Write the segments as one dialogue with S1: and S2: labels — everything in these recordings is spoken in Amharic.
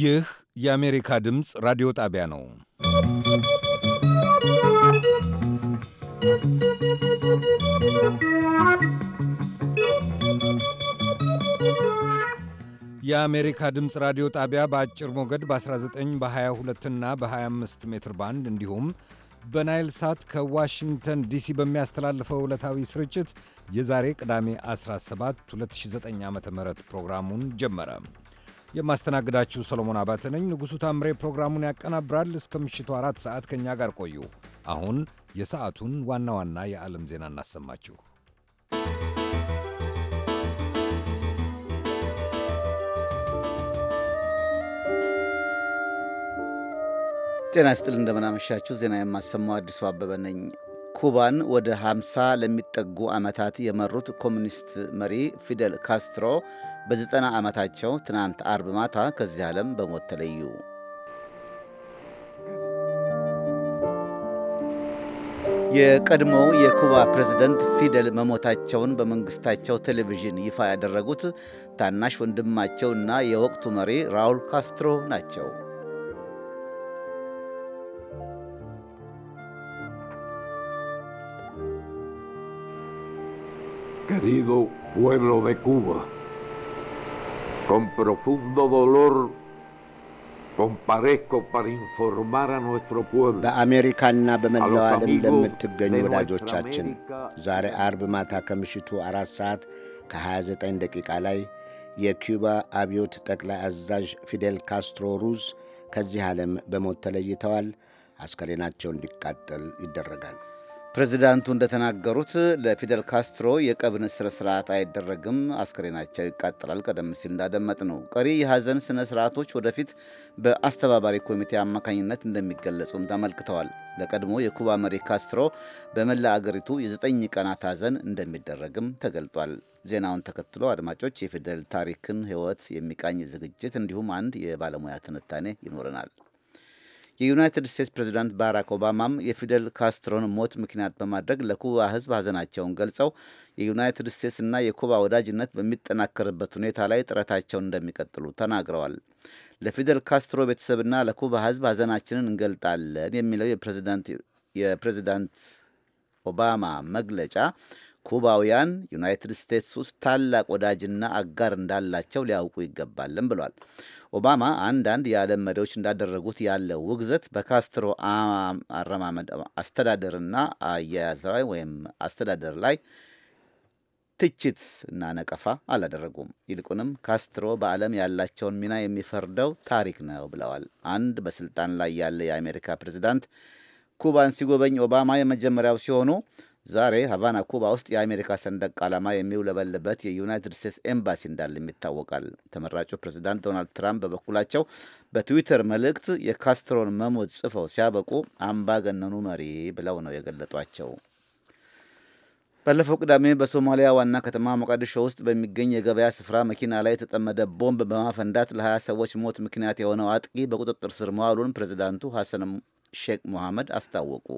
S1: ይህ የአሜሪካ ድምፅ ራዲዮ ጣቢያ ነው። የአሜሪካ ድምፅ ራዲዮ ጣቢያ በአጭር ሞገድ በ19 በ22 እና በ25 ሜትር ባንድ እንዲሁም በናይል ሳት ከዋሽንግተን ዲሲ በሚያስተላልፈው ዕለታዊ ስርጭት የዛሬ ቅዳሜ 17 2009 ዓ ም ፕሮግራሙን ጀመረ። የማስተናግዳችሁ ሰሎሞን አባተ ነኝ። ንጉሡ ታምሬ ፕሮግራሙን ያቀናብራል። እስከ ምሽቱ አራት ሰዓት ከእኛ ጋር ቆዩ። አሁን የሰዓቱን ዋና ዋና የዓለም ዜና እናሰማችሁ።
S2: ጤና ስጥል እንደምናመሻችሁ። ዜና የማሰማው አዲሱ አበበ ነኝ። ኩባን ወደ 50 ለሚጠጉ ዓመታት የመሩት ኮሚኒስት መሪ ፊደል ካስትሮ በዘጠና ዓመታቸው ትናንት አርብ ማታ ከዚህ ዓለም በሞት ተለዩ። የቀድሞው የኩባ ፕሬዝደንት ፊደል መሞታቸውን በመንግስታቸው ቴሌቪዥን ይፋ ያደረጉት ታናሽ ወንድማቸውና የወቅቱ መሪ ራውል ካስትሮ ናቸው።
S3: Querido pueblo de Con profundo dolor comparezco para informar a nuestro pueblo.
S4: በአሜሪካና በመላው ዓለም ለምትገኙ ወዳጆቻችን ዛሬ አርብ ማታ ከምሽቱ አራት ሰዓት ከ29 ደቂቃ ላይ የኪዩባ አብዮት ጠቅላይ አዛዥ ፊዴል ካስትሮ ሩዝ ከዚህ ዓለም በሞት ተለይተዋል። አስከሬናቸው
S2: እንዲቃጠል ይደረጋል። ፕሬዚዳንቱ እንደተናገሩት ለፊደል ካስትሮ የቀብር ስነ ስርዓት አይደረግም፣ አስክሬናቸው ይቃጠላል። ቀደም ሲል እንዳደመጥ ነው። ቀሪ የሀዘን ስነ ስርዓቶች ወደፊት በአስተባባሪ ኮሚቴ አማካኝነት እንደሚገለጹም ተመልክተዋል። ለቀድሞ የኩባ መሪ ካስትሮ በመላ አገሪቱ የዘጠኝ ቀናት ሀዘን እንደሚደረግም ተገልጧል። ዜናውን ተከትሎ አድማጮች የፊደል ታሪክን ህይወት የሚቃኝ ዝግጅት እንዲሁም አንድ የባለሙያ ትንታኔ ይኖረናል። የዩናይትድ ስቴትስ ፕሬዚዳንት ባራክ ኦባማም የፊደል ካስትሮን ሞት ምክንያት በማድረግ ለኩባ ሕዝብ ሀዘናቸውን ገልጸው የዩናይትድ እና የኩባ ወዳጅነት በሚጠናከርበት ሁኔታ ላይ ጥረታቸውን እንደሚቀጥሉ ተናግረዋል። ለፊደል ካስትሮ ቤተሰብና ለኩባ ሕዝብ ሀዘናችንን እንገልጣለን የሚለው የፕሬዚዳንት ኦባማ መግለጫ ኩባውያን ዩናይትድ ስቴትስ ውስጥ ታላቅ ወዳጅና አጋር እንዳላቸው ሊያውቁ ይገባልም ብሏል። ኦባማ አንዳንድ የዓለም መሪዎች እንዳደረጉት ያለ ውግዘት በካስትሮ አረማመድ አስተዳደርና አያያዝ ላይ ወይም አስተዳደር ላይ ትችት እና ነቀፋ አላደረጉም። ይልቁንም ካስትሮ በዓለም ያላቸውን ሚና የሚፈርደው ታሪክ ነው ብለዋል። አንድ በስልጣን ላይ ያለ የአሜሪካ ፕሬዚዳንት ኩባን ሲጎበኝ ኦባማ የመጀመሪያው ሲሆኑ ዛሬ ሀቫና ኩባ ውስጥ የአሜሪካ ሰንደቅ ዓላማ የሚውለበልበት የዩናይትድ ስቴትስ ኤምባሲ እንዳለም ይታወቃል። ተመራጩ ፕሬዚዳንት ዶናልድ ትራምፕ በበኩላቸው በትዊተር መልእክት የካስትሮን መሞት ጽፈው ሲያበቁ አምባገነኑ መሪ ብለው ነው የገለጧቸው። ባለፈው ቅዳሜ በሶማሊያ ዋና ከተማ ሞቃዲሾ ውስጥ በሚገኝ የገበያ ስፍራ መኪና ላይ የተጠመደ ቦምብ በማፈንዳት ለ20 ሰዎች ሞት ምክንያት የሆነው አጥቂ በቁጥጥር ስር መዋሉን ፕሬዚዳንቱ ሐሰን ሼክ ሞሐመድ አስታወቁ።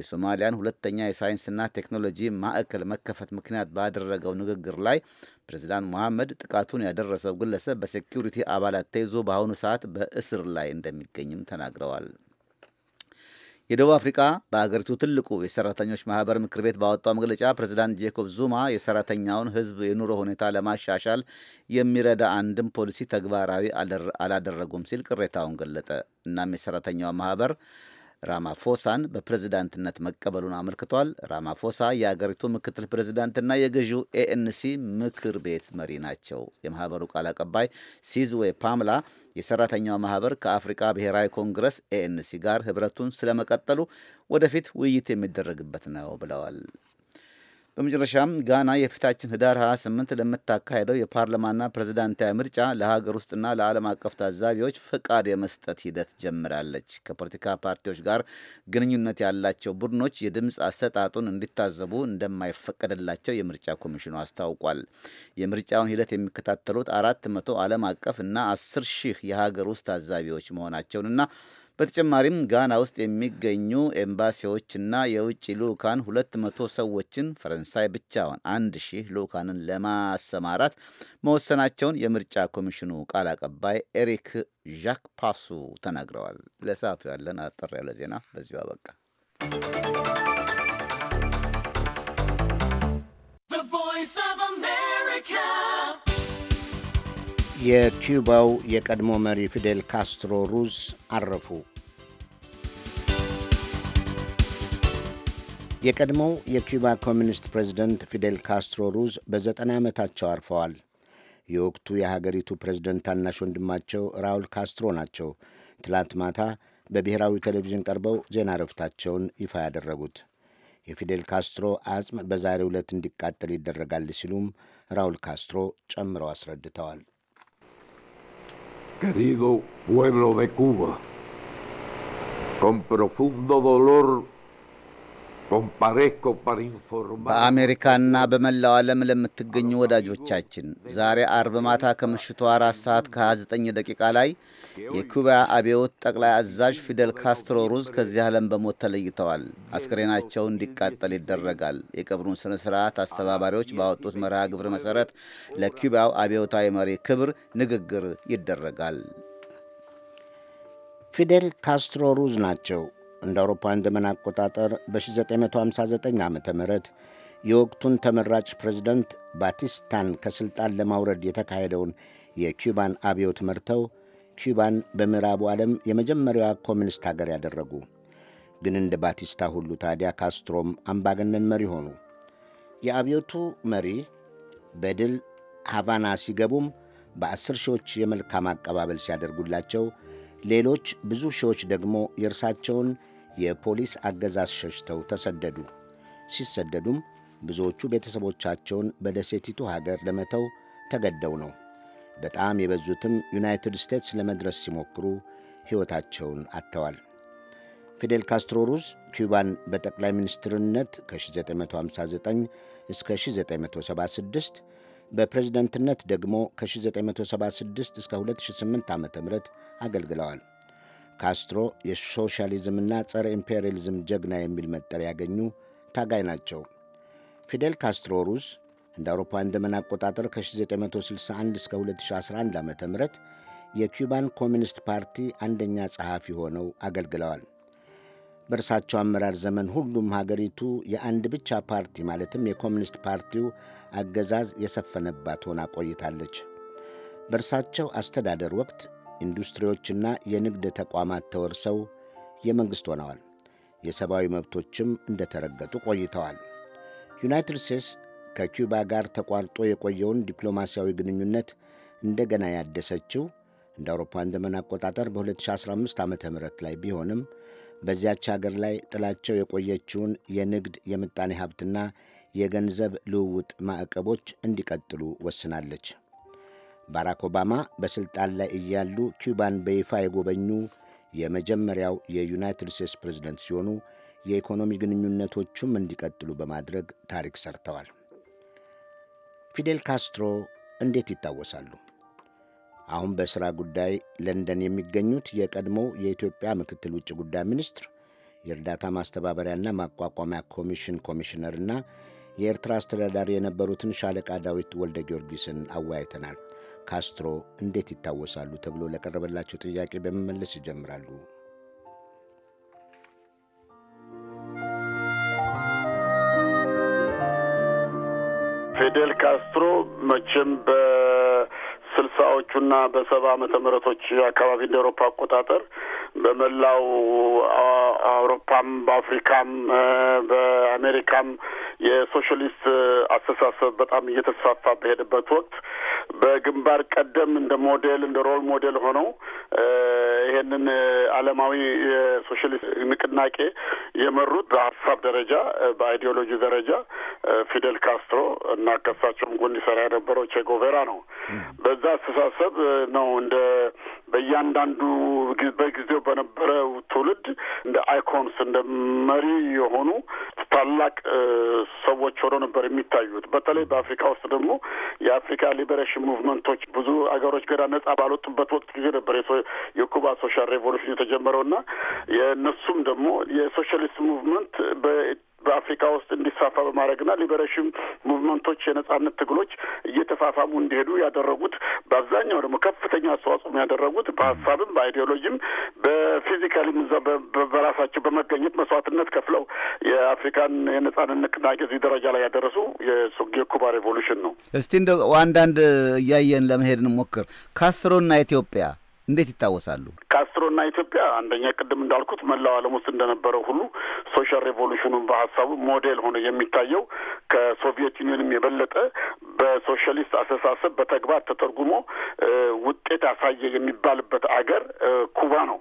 S2: የሶማሊያን ሁለተኛ የሳይንስና ቴክኖሎጂ ማዕከል መከፈት ምክንያት ባደረገው ንግግር ላይ ፕሬዚዳንት መሐመድ ጥቃቱን ያደረሰው ግለሰብ በሴኪሪቲ አባላት ተይዞ በአሁኑ ሰዓት በእስር ላይ እንደሚገኝም ተናግረዋል። የደቡብ አፍሪካ በአገሪቱ ትልቁ የሰራተኞች ማህበር ምክር ቤት ባወጣው መግለጫ ፕሬዚዳንት ጄኮብ ዙማ የሰራተኛውን ሕዝብ የኑሮ ሁኔታ ለማሻሻል የሚረዳ አንድም ፖሊሲ ተግባራዊ አላደረጉም ሲል ቅሬታውን ገለጠ። እናም የሰራተኛው ማህበር ራማፎሳን በፕሬዝዳንትነት መቀበሉን አመልክቷል። ራማፎሳ የአገሪቱ ምክትል ፕሬዝዳንትና የገዢው ኤኤንሲ ምክር ቤት መሪ ናቸው። የማህበሩ ቃል አቀባይ ሲዝዌ ፓምላ የሰራተኛው ማህበር ከአፍሪካ ብሔራዊ ኮንግረስ ኤኤንሲ ጋር ህብረቱን ስለመቀጠሉ ወደፊት ውይይት የሚደረግበት ነው ብለዋል። በመጨረሻም ጋና የፊታችን ህዳር 28 ለምታካሄደው የፓርላማና ፕሬዝዳንታዊ ምርጫ ለሀገር ውስጥና ለዓለም አቀፍ ታዛቢዎች ፈቃድ የመስጠት ሂደት ጀምራለች። ከፖለቲካ ፓርቲዎች ጋር ግንኙነት ያላቸው ቡድኖች የድምፅ አሰጣጡን እንዲታዘቡ እንደማይፈቀድላቸው የምርጫ ኮሚሽኑ አስታውቋል። የምርጫውን ሂደት የሚከታተሉት አራት መቶ ዓለም አቀፍ እና አስር ሺህ የሀገር ውስጥ ታዛቢዎች መሆናቸውንና በተጨማሪም ጋና ውስጥ የሚገኙ ኤምባሲዎችና የውጭ ልዑካን ሁለት መቶ ሰዎችን ፈረንሳይ ብቻውን አንድ ሺህ ልዑካንን ለማሰማራት መወሰናቸውን የምርጫ ኮሚሽኑ ቃል አቀባይ ኤሪክ ዣክ ፓሱ ተናግረዋል። ለሰዓቱ ያለን አጠር ያለ ዜና በዚሁ አበቃ።
S4: የኪውባው የቀድሞ መሪ ፊዴል ካስትሮ ሩዝ አረፉ። የቀድሞው የኪውባ ኮሚኒስት ፕሬዝደንት ፊዴል ካስትሮ ሩዝ በዘጠና ዓመታቸው አርፈዋል። የወቅቱ የሀገሪቱ ፕሬዚደንት ታናሽ ወንድማቸው ራውል ካስትሮ ናቸው። ትላንት ማታ በብሔራዊ ቴሌቪዥን ቀርበው ዜና እረፍታቸውን ይፋ ያደረጉት የፊዴል ካስትሮ አጽም በዛሬ ዕለት እንዲቃጠል ይደረጋል ሲሉም ራውል ካስትሮ ጨምረው አስረድተዋል።
S2: Querido pueblo de Cuba, con profundo
S3: dolor
S2: በአሜሪካና በመላው ዓለም ለምትገኙ ወዳጆቻችን ዛሬ አርብ ማታ ከምሽቱ አራት ሰዓት ከ29 ደቂቃ ላይ የኩባ አብዮት ጠቅላይ አዛዥ ፊደል ካስትሮ ሩዝ ከዚህ ዓለም በሞት ተለይተዋል። አስክሬናቸው እንዲቃጠል ይደረጋል። የቀብሩን ስነ ስርዓት አስተባባሪዎች ባወጡት መርሃ ግብር መሠረት ለኩባው አብዮታዊ መሪ ክብር ንግግር ይደረጋል።
S4: ፊደል ካስትሮ ሩዝ ናቸው እንደ አውሮፓውያን ዘመን አቆጣጠር በ1959 ዓ ም የወቅቱን ተመራጭ ፕሬዚደንት ባቲስታን ከሥልጣን ለማውረድ የተካሄደውን የኪውባን አብዮት መርተው ኪባን በምዕራቡ ዓለም የመጀመሪያዋ ኮሚኒስት ሀገር ያደረጉ ግን እንደ ባቲስታ ሁሉ ታዲያ ካስትሮም አምባገነን መሪ ሆኑ። የአብዮቱ መሪ በድል ሃቫና ሲገቡም በአስር ሺዎች የመልካም አቀባበል ሲያደርጉላቸው፣ ሌሎች ብዙ ሺዎች ደግሞ የእርሳቸውን የፖሊስ አገዛዝ ሸሽተው ተሰደዱ። ሲሰደዱም ብዙዎቹ ቤተሰቦቻቸውን በደሴቲቱ ሀገር ለመተው ተገደው ነው። በጣም የበዙትም ዩናይትድ ስቴትስ ለመድረስ ሲሞክሩ ሕይወታቸውን አጥተዋል። ፊዴል ካስትሮ ሩዝ ኪዩባን በጠቅላይ ሚኒስትርነት ከ1959 እስከ 1976 በፕሬዝደንትነት ደግሞ ከ1976 እስከ 2008 ዓ ም አገልግለዋል። ካስትሮ የሶሻሊዝምና ጸረ ኢምፔሪያሊዝም ጀግና የሚል መጠሪያ ያገኙ ታጋይ ናቸው። ፊዴል ካስትሮ ሩዝ እንደ አውሮፓውያን ዘመን አቆጣጠር ከ1961 እስከ 2011 ዓ ም የኪውባን ኮሚኒስት ፓርቲ አንደኛ ጸሐፊ ሆነው አገልግለዋል። በእርሳቸው አመራር ዘመን ሁሉም ሀገሪቱ የአንድ ብቻ ፓርቲ ማለትም የኮሚኒስት ፓርቲው አገዛዝ የሰፈነባት ሆና ቆይታለች። በእርሳቸው አስተዳደር ወቅት ኢንዱስትሪዎችና የንግድ ተቋማት ተወርሰው የመንግሥት ሆነዋል። የሰብአዊ መብቶችም እንደተረገጡ ቆይተዋል። ዩናይትድ ስቴትስ ከኪዩባ ጋር ተቋርጦ የቆየውን ዲፕሎማሲያዊ ግንኙነት እንደገና ያደሰችው እንደ አውሮፓውያን ዘመን አቆጣጠር በ2015 ዓ ም ላይ ቢሆንም በዚያች ሀገር ላይ ጥላቸው የቆየችውን የንግድ የምጣኔ ሀብትና የገንዘብ ልውውጥ ማዕቀቦች እንዲቀጥሉ ወስናለች። ባራክ ኦባማ በሥልጣን ላይ እያሉ ኪውባን በይፋ የጎበኙ የመጀመሪያው የዩናይትድ ስቴትስ ፕሬዝደንት ሲሆኑ የኢኮኖሚ ግንኙነቶቹም እንዲቀጥሉ በማድረግ ታሪክ ሰርተዋል። ፊዴል ካስትሮ እንዴት ይታወሳሉ? አሁን በሥራ ጉዳይ ለንደን የሚገኙት የቀድሞው የኢትዮጵያ ምክትል ውጭ ጉዳይ ሚኒስትር የእርዳታ ማስተባበሪያና ማቋቋሚያ ኮሚሽን ኮሚሽነርና የኤርትራ አስተዳዳሪ የነበሩትን ሻለቃ ዳዊት ወልደ ጊዮርጊስን አወያይተናል። ካስትሮ እንዴት ይታወሳሉ ተብሎ ለቀረበላቸው ጥያቄ በመመለስ ይጀምራሉ።
S5: ፊዴል ካስትሮ መቼም በስልሳዎቹና በሰባ አመተ ምህረቶች አካባቢ እንደ አውሮፓ አቆጣጠር በመላው አውሮፓም በአፍሪካም በአሜሪካም የሶሻሊስት uh, አስተሳሰብ በጣም እየተስፋፋ በሄደበት ወቅት በግንባር ቀደም እንደ ሞዴል እንደ ሮል ሞዴል ሆነው uh, ይሄንን ዓለማዊ uh, የሶሻሊስት ንቅናቄ የመሩት በሀሳብ ደረጃ በአይዲዮሎጂ ደረጃ ፊደል ካስትሮ እና ከሳቸውም ጎን ይሰራ የነበረው ቼጎቬራ ነው። በዛ አስተሳሰብ ነው እንደ በእያንዳንዱ በጊዜው በነበረው ትውልድ እንደ አይኮንስ እንደ መሪ የሆኑ ታላቅ ሰዎች ሆነው ነበር የሚታዩት። በተለይ በአፍሪካ ውስጥ ደግሞ የአፍሪካ ሊበሬሽን ሙቭመንቶች ብዙ አገሮች ገና ነጻ ባልወጡበት ወቅት ጊዜ ነበር የኩባ ሶሻል ሬቮሉሽን የተጀመረው እና የእነሱም ደግሞ የሶሻሊስት ራይትስ ሙቭመንት በአፍሪካ ውስጥ እንዲስፋፋ በማድረግና ሊበሬሽን ሙቭመንቶች የነጻነት ትግሎች እየተፋፋሙ እንዲሄዱ ያደረጉት በአብዛኛው ደግሞ ከፍተኛ አስተዋጽኦ ያደረጉት በሀሳብም በአይዲዮሎጂም በፊዚካሊም እዛ በራሳቸው በመገኘት መስዋዕትነት ከፍለው የአፍሪካን የነጻነት ንቅናቄ እዚህ ደረጃ ላይ ያደረሱ የኩባ ሬቮሉሽን ነው።
S2: እስቲ እንደ አንዳንድ እያየን ለመሄድ እንሞክር። ካስትሮና ኢትዮጵያ እንዴት ይታወሳሉ?
S5: ካስትሮና ኢትዮጵያ አንደኛ ቅድም እንዳልኩት መላው ዓለም ውስጥ እንደነበረው ሁሉ ሶሻል ሬቮሉሽኑን በሀሳቡ ሞዴል ሆነ የሚታየው ከሶቪየት ዩኒየንም የበለጠ በሶሻሊስት አስተሳሰብ በተግባር ተተርጉሞ ውጤት ያሳየ የሚባልበት አገር ኩባ ነው።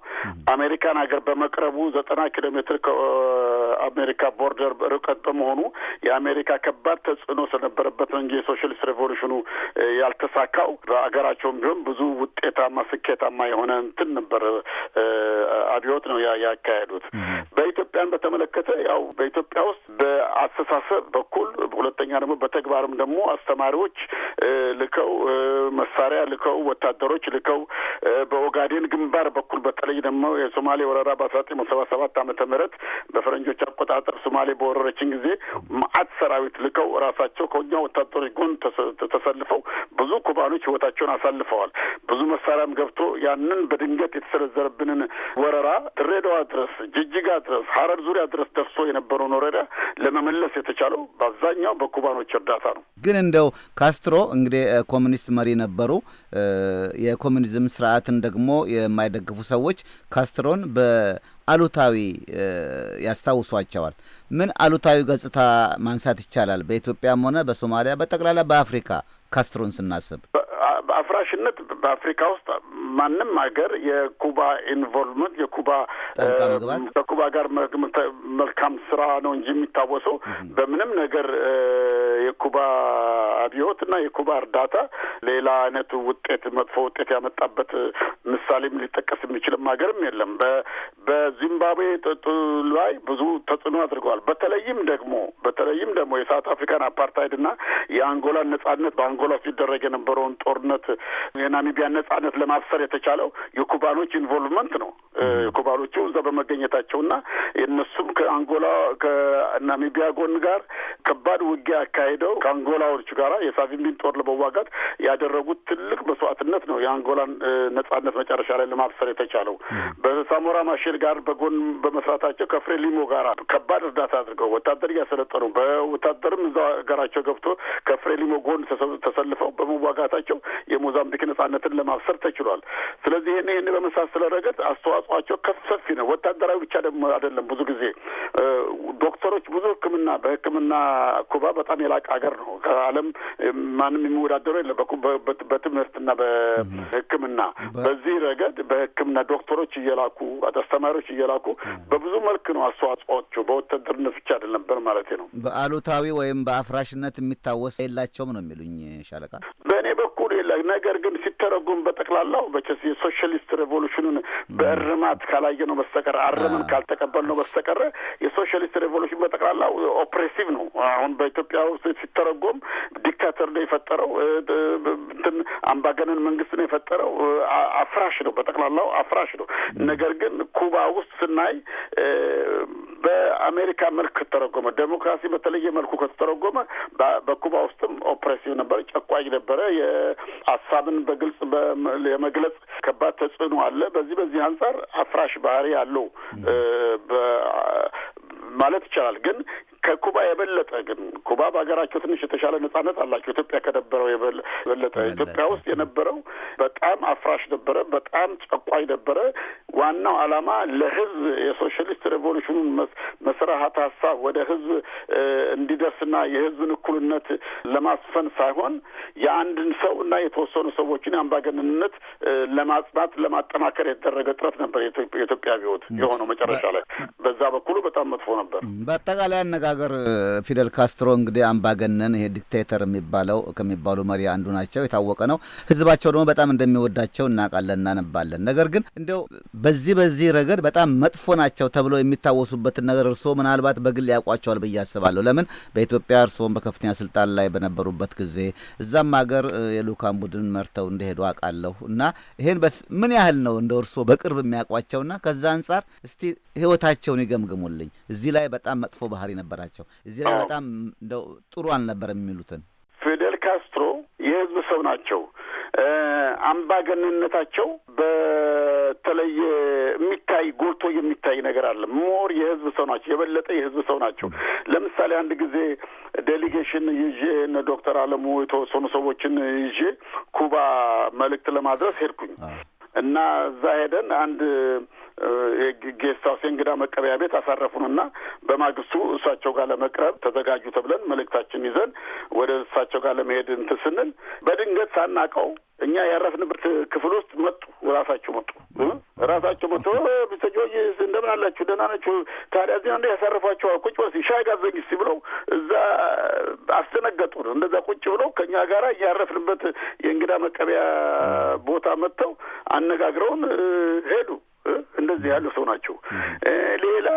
S5: አሜሪካን ሀገር በመቅረቡ ዘጠና ኪሎ ሜትር ከአሜሪካ ቦርደር ርቀት በመሆኑ የአሜሪካ ከባድ ተጽዕኖ ስለነበረበት ነው እንጂ የሶሻሊስት ሬቮሉሽኑ ያልተሳካው። ሀገራቸውም ቢሆን ብዙ ውጤታማ ስኬታ ውጤታማ የሆነ እንትን ነበር፣ አብዮት ነው ያካሄዱት። በኢትዮጵያን በተመለከተ ያው በኢትዮጵያ ውስጥ በአስተሳሰብ በኩል ሁለተኛ ደግሞ በተግባርም ደግሞ አስተማሪዎች ልከው መሳሪያ ልከው ወታደሮች ልከው በኦጋዴን ግንባር በኩል በተለይ ደግሞ የሶማሌ ወረራ በአስራ ዘጠኝ ሰባ ሰባት ዓመተ ምህረት በፈረንጆች አቆጣጠር ሶማሌ በወረረችን ጊዜ ማአት ሰራዊት ልከው ራሳቸው ከኛ ወታደሮች ጎን ተሰልፈው ብዙ ኩባኖች ህይወታቸውን አሳልፈዋል። ብዙ መሳሪያም ገብቶ ያንን በድንገት የተሰነዘረብንን ወረራ ድሬዳዋ ድረስ፣ ጅጅጋ ድረስ፣ ሀረር ዙሪያ ድረስ ደርሶ የነበረውን ወረዳ ለመመለስ የተቻለው በአብዛኛው በኩባኖች እርዳታ ነው። ግን
S2: እንደው ካስትሮ እንግዲህ ኮሚኒስት መሪ ነበሩ። የኮሚኒዝም ስርዓትን ደግሞ የማይደግፉ ሰዎች ካስትሮን በ አሉታዊ ያስታውሷቸዋል። ምን አሉታዊ ገጽታ ማንሳት ይቻላል? በኢትዮጵያም ሆነ በሶማሊያ በጠቅላላ በአፍሪካ ካስትሮን ስናስብ
S5: በአፍራሽነት በአፍሪካ ውስጥ ማንም ሀገር የኩባ ኢንቮልቭመንት የኩባ ከኩባ ጋር መልካም ስራ ነው እንጂ የሚታወሰው በምንም ነገር የኩባ አብዮት እና የኩባ እርዳታ ሌላ አይነቱ ውጤት መጥፎ ውጤት ያመጣበት ምሳሌም ሊጠቀስ የሚችልም ሀገርም የለም። በዚምባብዌ ላይ ብዙ ተጽዕኖ አድርገዋል። በተለይም ደግሞ በተለይም ደግሞ የሳውት አፍሪካን አፓርታይድና የአንጎላን ነጻነት በአንጎላ ሲደረግ የነበረውን ጦርነት የናሚቢያን ነጻነት ለማብሰር የተቻለው የኩባኖች ኢንቮልቭመንት ነው። ኩባኖቹ እዛ በመገኘታቸውና የእነሱም ከአንጎላ ከናሚቢያ ጎን ጋር ከባድ ውጊያ ያካሄደው ከአንጎላዎች ጋር የሳቪምቢን ጦር ለመዋጋት ያደረጉት ትልቅ መስዋዕትነት ነው የአንጎላን ነጻነት መጨረሻ ላይ ለማብሰር የተቻለው በሳሞራ ማሼል ጋር በጎን በመስራታቸው ከፍሬሊሞ ጋር ከባድ እርዳታ አድርገው ወታደር እያሰለጠኑ በወታደርም እዛ ሀገራቸው ገብቶ ከፍሬሊሞ ጎን ተሰልፈው በመዋጋታቸው የሞዛምቢክ ነጻነትን ለማብሰር ተችሏል። ስለዚህ ይህን ይህን በመሳሰለ ረገድ አስተዋጽኦቸው ከፍ ሰፊ ነው። ወታደራዊ ብቻ ደግሞ አይደለም። ብዙ ጊዜ ዶክተሮች ብዙ ሕክምና በሕክምና ኩባ በጣም የላቀ ሀገር ነው። ከዓለም ማንም የሚወዳደሩ የለም። በትምህርትና በሕክምና በዚህ ረገድ በሕክምና ዶክተሮች እየላኩ አስተማሪዎች እየላኩ በብዙ መልክ ነው አስተዋጽኦቸው። በወታደርነት ብቻ አይደል ነበር ማለት ነው።
S2: በአሉታዊ ወይም በአፍራሽነት የሚታወስ የላቸውም ነው የሚሉኝ ሻለቃ
S5: በእኔ በ ነገር ግን ሲተረጉም በጠቅላላው በቸስ የሶሻሊስት ሬቮሉሽኑን በእርማት ካላየ ነው በስተቀረ አረምን ካልተቀበል ነው በስተቀረ የሶሻሊስት ሬቮሉሽን በጠቅላላው ኦፕሬሲቭ ነው። አሁን በኢትዮጵያ ውስጥ ሲተረጎም ዲክታተር ነው የፈጠረው፣ እንትን አምባገነን መንግስት ነው የፈጠረው፣ አፍራሽ ነው፣ በጠቅላላው አፍራሽ ነው። ነገር ግን ኩባ ውስጥ ስናይ በአሜሪካ መልክ ከተረጎመ ዴሞክራሲ በተለየ መልኩ ከተተረጎመ በኩባ ውስጥም ኦፕሬሲቭ ነበረ፣ ጨቋኝ ነበረ። ሀሳብን በግልጽ የመግለጽ ከባድ ተጽዕኖ አለ። በዚህ በዚህ አንጻር አፍራሽ ባህሪ አለው ማለት ይቻላል። ግን ከኩባ የበለጠ ግን ኩባ በሀገራቸው ትንሽ የተሻለ ነጻነት አላቸው። ኢትዮጵያ ከነበረው የበለጠ ኢትዮጵያ ውስጥ የነበረው በጣም አፍራሽ ነበረ፣ በጣም ጨቋኝ ነበረ። ዋናው ዓላማ ለህዝብ የሶሻሊስት ሬቮሉሽኑን መስራት ሀሳብ ወደ ህዝብ እንዲደርስና የህዝብን እኩልነት ለማስፈን ሳይሆን የአንድን ሰው እና የተወሰኑ ሰዎችን የአምባገነንነት ለማጽናት ለማጠናከር የተደረገ ጥረት ነበር። የኢትዮጵያ ቢወት የሆነው መጨረሻ ላይ በዛ በኩሉ በጣም መጥፎ ነበር።
S2: በአጠቃላይ አነጋ ሀገር ፊደል ካስትሮ እንግዲህ አምባገነን ይሄ ዲክቴተር የሚባለው ከሚባሉ መሪ አንዱ ናቸው፣ የታወቀ ነው። ህዝባቸው ደግሞ በጣም እንደሚወዳቸው እናውቃለን፣ እናነባለን። ነገር ግን እንደው በዚህ በዚህ ረገድ በጣም መጥፎ ናቸው ተብሎ የሚታወሱበትን ነገር እርስዎ ምናልባት በግል ያውቋቸዋል ብዬ አስባለሁ። ለምን በኢትዮጵያ እርስዎም በከፍተኛ ስልጣን ላይ በነበሩበት ጊዜ እዛም ሀገር የልኡካን ቡድን መርተው እንደሄዱ አውቃለሁ እና ይሄን ምን ያህል ነው እንደ እርስዎ በቅርብ የሚያውቋቸውና ከዛ አንጻር እስቲ ህይወታቸውን ይገምግሙልኝ። እዚህ ላይ በጣም መጥፎ ባህሪ ነበር ነበራቸው። እዚህ ላይ በጣም እንደው ጥሩ አልነበረም የሚሉትን
S5: ፊደል ካስትሮ የህዝብ ሰው ናቸው። አምባገንነታቸው በተለየ የሚታይ ጎልቶ የሚታይ ነገር አለ። ሞር የህዝብ ሰው ናቸው፣ የበለጠ የህዝብ ሰው ናቸው። ለምሳሌ አንድ ጊዜ ዴሊጌሽን ይዤ እነ ዶክተር አለሙ የተወሰኑ ሰዎችን ይዤ ኩባ መልእክት ለማድረስ ሄድኩኝ። እና እዛ ሄደን አንድ ጌስት እንግዳ መቀበያ ቤት እና በማግስቱ እሳቸው ጋር ለመቅረብ ተዘጋጁ ተብለን መልእክታችን ይዘን ወደ እሳቸው ጋር ለመሄድ እንትን ስንል በድንገት ሳናቀው እኛ ያረፍንበት ክፍል ውስጥ መጡ። ራሳቸው መጡ። ራሳቸው መጡ። ሚስተር እንደምን አላችሁ? ደህና ናችሁ? ታዲያ እዚህ እንደ ያሳርፏቸዋል። ቁጭ በል እስኪ ሻይ ጋብዘኝ እስኪ ብለው እዛ አስደነገጡን። እንደዛ ቁጭ ብለው ከእኛ ጋር እያረፍንበት የእንግዳ መቀበያ ቦታ መጥተው አነጋግረውን ሄዱ። እንደዚህ ያሉ ሰው ናቸው። ሌላ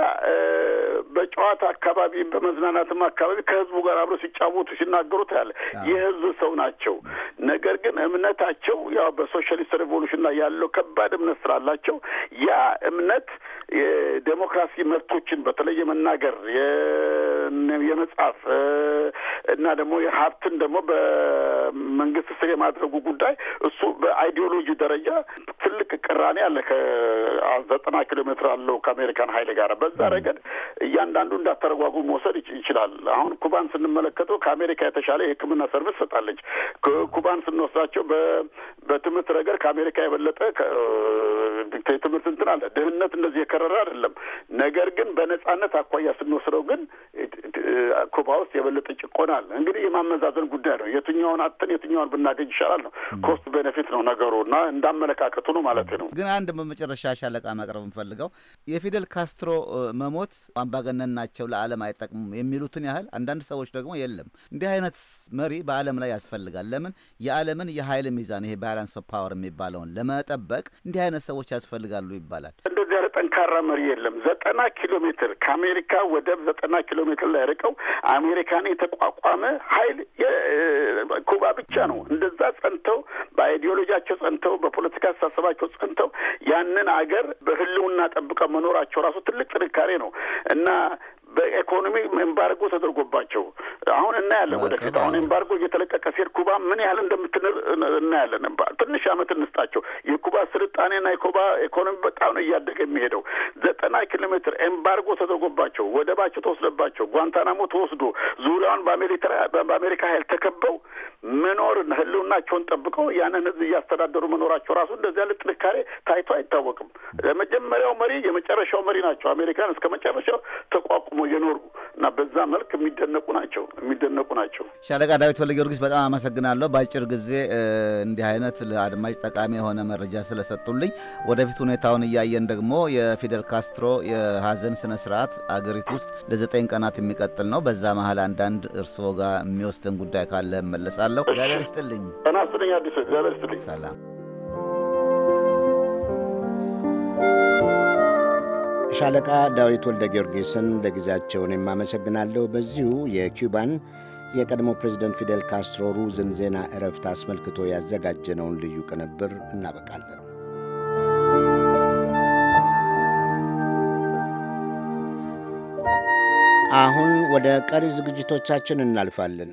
S5: በጨዋታ አካባቢ በመዝናናትም አካባቢ ከህዝቡ ጋር አብረው ሲጫወቱ ሲናገሩ ታያለ። የህዝብ ሰው ናቸው። ነገር ግን እምነታቸው ያው በሶሻሊስት ሬቮሉሽን ላይ ያለው ከባድ እምነት ስላላቸው ያ እምነት የዴሞክራሲ መብቶችን በተለይ የመናገር የመጻፍ እና ደግሞ የሀብትን ደግሞ በመንግስት ስር የማድረጉ ጉዳይ እሱ በአይዲዮሎጂ ደረጃ ትልቅ ቅራኔ አለ። ዘጠና ኪሎ ሜትር አለው ከአሜሪካን ሀይል ጋር። በዛ ረገድ እያንዳንዱ እንዳተረጓጉ መውሰድ ይችላል። አሁን ኩባን ስንመለከተው ከአሜሪካ የተሻለ የሕክምና ሰርቪስ ሰጣለች። ኩባን ስንወስዳቸው በትምህርት ረገድ ከአሜሪካ የበለጠ የትምህርት እንትን አለ። ድህነት እንደዚህ የከረረ አይደለም። ነገር ግን በነጻነት አኳያ ስንወስደው ግን ኩባ ውስጥ የበለጠ ጭቆና አለ። እንግዲህ የማመዛዘን ጉዳይ ነው። የትኛውን አትን የትኛውን ብናገኝ ይሻላል ነው። ኮስት ቤኔፊት ነው ነገሩ እና እንዳመለካከቱ ነው ማለት ነው።
S2: ግን አንድ በመጨረሻ ሻለቃ ማቅረብ እንፈልገው የፊደል ካስትሮ መሞት አምባገነን ናቸው፣ ለዓለም አይጠቅሙም የሚሉትን ያህል አንዳንድ ሰዎች ደግሞ የለም እንዲህ አይነት መሪ በዓለም ላይ ያስፈልጋል። ለምን የዓለምን የኃይል ሚዛን ይሄ ባላንስ ኦፍ ፓወር የሚባለውን ለመጠበቅ እንዲህ አይነት ሰዎች ያስፈልጋሉ ይባላል።
S5: ጠንካራ መሪ የለም። ዘጠና ኪሎ ሜትር ከአሜሪካ ወደብ ዘጠና ኪሎ ሜትር ላይ ርቀው አሜሪካን የተቋቋመ ኃይል ኩባ ብቻ ነው። እንደዛ ጸንተው በአይዲዮሎጂያቸው ጸንተው በፖለቲካ አስተሳሰባቸው ጸንተው ያንን አገር ነገር በህልውና ጠብቀ መኖራቸው ራሱ ትልቅ ጥንካሬ ነው እና በኢኮኖሚ ኤምባርጎ ተደርጎባቸው አሁን እናያለን። ወደፊት አሁን ኤምባርጎ እየተለቀቀ ሲሄድ ኩባ ምን ያህል እንደምትንር እናያለን። ትንሽ አመት እንስጣቸው። የኩባ ስልጣኔና የኩባ ኢኮኖሚ በጣም ነው እያደገ የሚሄደው። ዘጠና ኪሎ ሜትር ኤምባርጎ ተደርጎባቸው ወደባቸው ተወስደባቸው ጓንታናሞ ተወስዶ ዙሪያውን በአሜሪካ ኃይል ተከበው መኖር ህልውናቸውን ጠብቀው ያንን ህዝብ እያስተዳደሩ መኖራቸው ራሱ እንደዚህ ያለ ጥንካሬ ታይቶ አይታወቅም። የመጀመሪያው መሪ የመጨረሻው መሪ ናቸው። አሜሪካን እስከ መጨረሻው ተቋቁሞ የኖሩ እና በዛ መልክ የሚደነቁ ናቸው የሚደነቁ ናቸው።
S2: ሻለቃ ዳዊት ወልደ ጊዮርጊስ በጣም አመሰግናለሁ። በአጭር ጊዜ እንዲህ አይነት ለአድማጭ ጠቃሚ የሆነ መረጃ ስለሰጡልኝ፣ ወደፊት ሁኔታውን እያየን ደግሞ የፊደል ካስትሮ የሀዘን ስነ ስርዓት አገሪቱ ውስጥ ለዘጠኝ ቀናት የሚቀጥል ነው። በዛ መሀል አንዳንድ እርስዎ ጋር የሚወስደን ጉዳይ ካለ እመለሳለሁ። እግዚአብሔር ይስጥልኝ። ጤና ይስጥልኝ አዲስ እግዚአብሔር ይስጥልኝ። ሰላም
S4: ሻለቃ ዳዊት ወልደ ጊዮርጊስን ለጊዜያቸውን የማመሰግናለሁ። በዚሁ የኪዩባን የቀድሞ ፕሬዚደንት ፊደል ካስትሮ ሩዝን ዜና እረፍት አስመልክቶ ያዘጋጀነውን ልዩ ቅንብር እናበቃለን። አሁን ወደ ቀሪ ዝግጅቶቻችን እናልፋለን።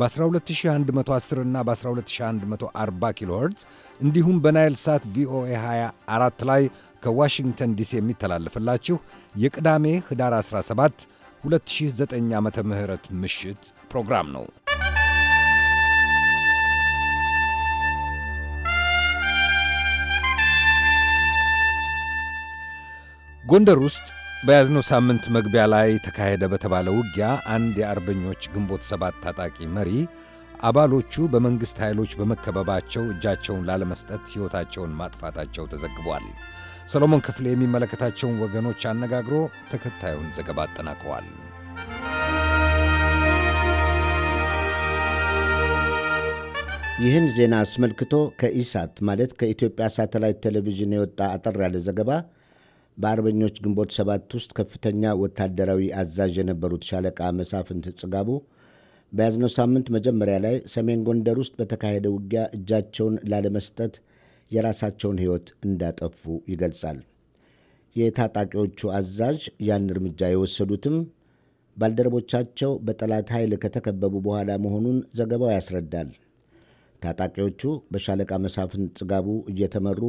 S1: በ12110 እና በ12140 ኪሎ ሄርትዝ እንዲሁም በናይል ሳት ቪኦኤ 24 ላይ ከዋሽንግተን ዲሲ የሚተላለፍላችሁ የቅዳሜ ህዳር 17 2009 ዓመተ ምህረት ምሽት ፕሮግራም ነው። ጎንደር ውስጥ በያዝነው ሳምንት መግቢያ ላይ ተካሄደ በተባለ ውጊያ አንድ የአርበኞች ግንቦት ሰባት ታጣቂ መሪ አባሎቹ በመንግሥት ኃይሎች በመከበባቸው እጃቸውን ላለመስጠት ሕይወታቸውን ማጥፋታቸው ተዘግቧል። ሰሎሞን ክፍሌ የሚመለከታቸውን ወገኖች አነጋግሮ ተከታዩን ዘገባ አጠናቅሯል።
S4: ይህን ዜና አስመልክቶ ከኢሳት ማለት ከኢትዮጵያ ሳተላይት ቴሌቪዥን የወጣ አጠር ያለ ዘገባ በአርበኞች ግንቦት ሰባት ውስጥ ከፍተኛ ወታደራዊ አዛዥ የነበሩት ሻለቃ መሳፍንት ጽጋቡ በያዝነው ሳምንት መጀመሪያ ላይ ሰሜን ጎንደር ውስጥ በተካሄደ ውጊያ እጃቸውን ላለመስጠት የራሳቸውን ሕይወት እንዳጠፉ ይገልጻል። የታጣቂዎቹ አዛዥ ያን እርምጃ የወሰዱትም ባልደረቦቻቸው በጠላት ኃይል ከተከበቡ በኋላ መሆኑን ዘገባው ያስረዳል። ታጣቂዎቹ በሻለቃ መሳፍንት ጽጋቡ እየተመሩ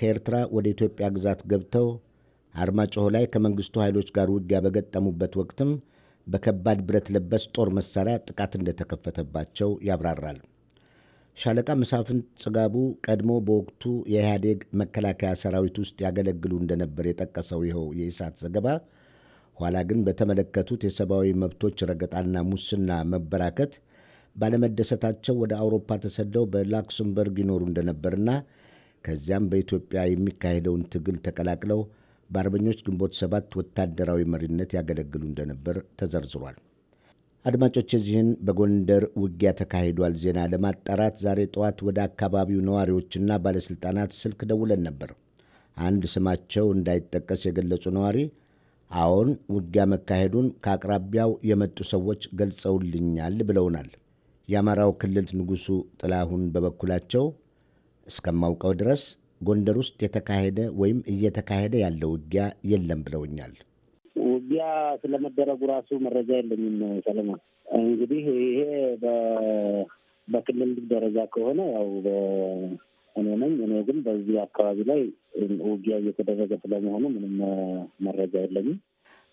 S4: ከኤርትራ ወደ ኢትዮጵያ ግዛት ገብተው አርማጭሆ ላይ ከመንግሥቱ ኃይሎች ጋር ውጊያ በገጠሙበት ወቅትም በከባድ ብረት ለበስ ጦር መሳሪያ ጥቃት እንደተከፈተባቸው ያብራራል። ሻለቃ መሳፍንት ጽጋቡ ቀድሞ በወቅቱ የኢህአዴግ መከላከያ ሰራዊት ውስጥ ያገለግሉ እንደነበር የጠቀሰው ይኸው የኢሳት ዘገባ ኋላ ግን በተመለከቱት የሰብአዊ መብቶች ረገጣና ሙስና መበራከት ባለመደሰታቸው ወደ አውሮፓ ተሰደው በላክሰምበርግ ይኖሩ እንደነበርና ከዚያም በኢትዮጵያ የሚካሄደውን ትግል ተቀላቅለው በአርበኞች ግንቦት ሰባት ወታደራዊ መሪነት ያገለግሉ እንደነበር ተዘርዝሯል። አድማጮች፣ የዚህን በጎንደር ውጊያ ተካሂዷል ዜና ለማጣራት ዛሬ ጠዋት ወደ አካባቢው ነዋሪዎችና ባለሥልጣናት ስልክ ደውለን ነበር። አንድ ስማቸው እንዳይጠቀስ የገለጹ ነዋሪ አዎን፣ ውጊያ መካሄዱን ከአቅራቢያው የመጡ ሰዎች ገልጸውልኛል ብለውናል። የአማራው ክልል ንጉሡ ጥላሁን በበኩላቸው እስከማውቀው ድረስ ጎንደር ውስጥ የተካሄደ ወይም እየተካሄደ ያለ ውጊያ የለም ብለውኛል።
S5: ውጊያ ስለመደረጉ ራሱ መረጃ የለኝም ሰለሞን። እንግዲህ ይሄ በክልል ደረጃ ከሆነ ያው እኔ ነኝ። እኔ ግን በዚህ አካባቢ ላይ ውጊያ እየተደረገ ስለመሆኑ ምንም መረጃ የለኝም።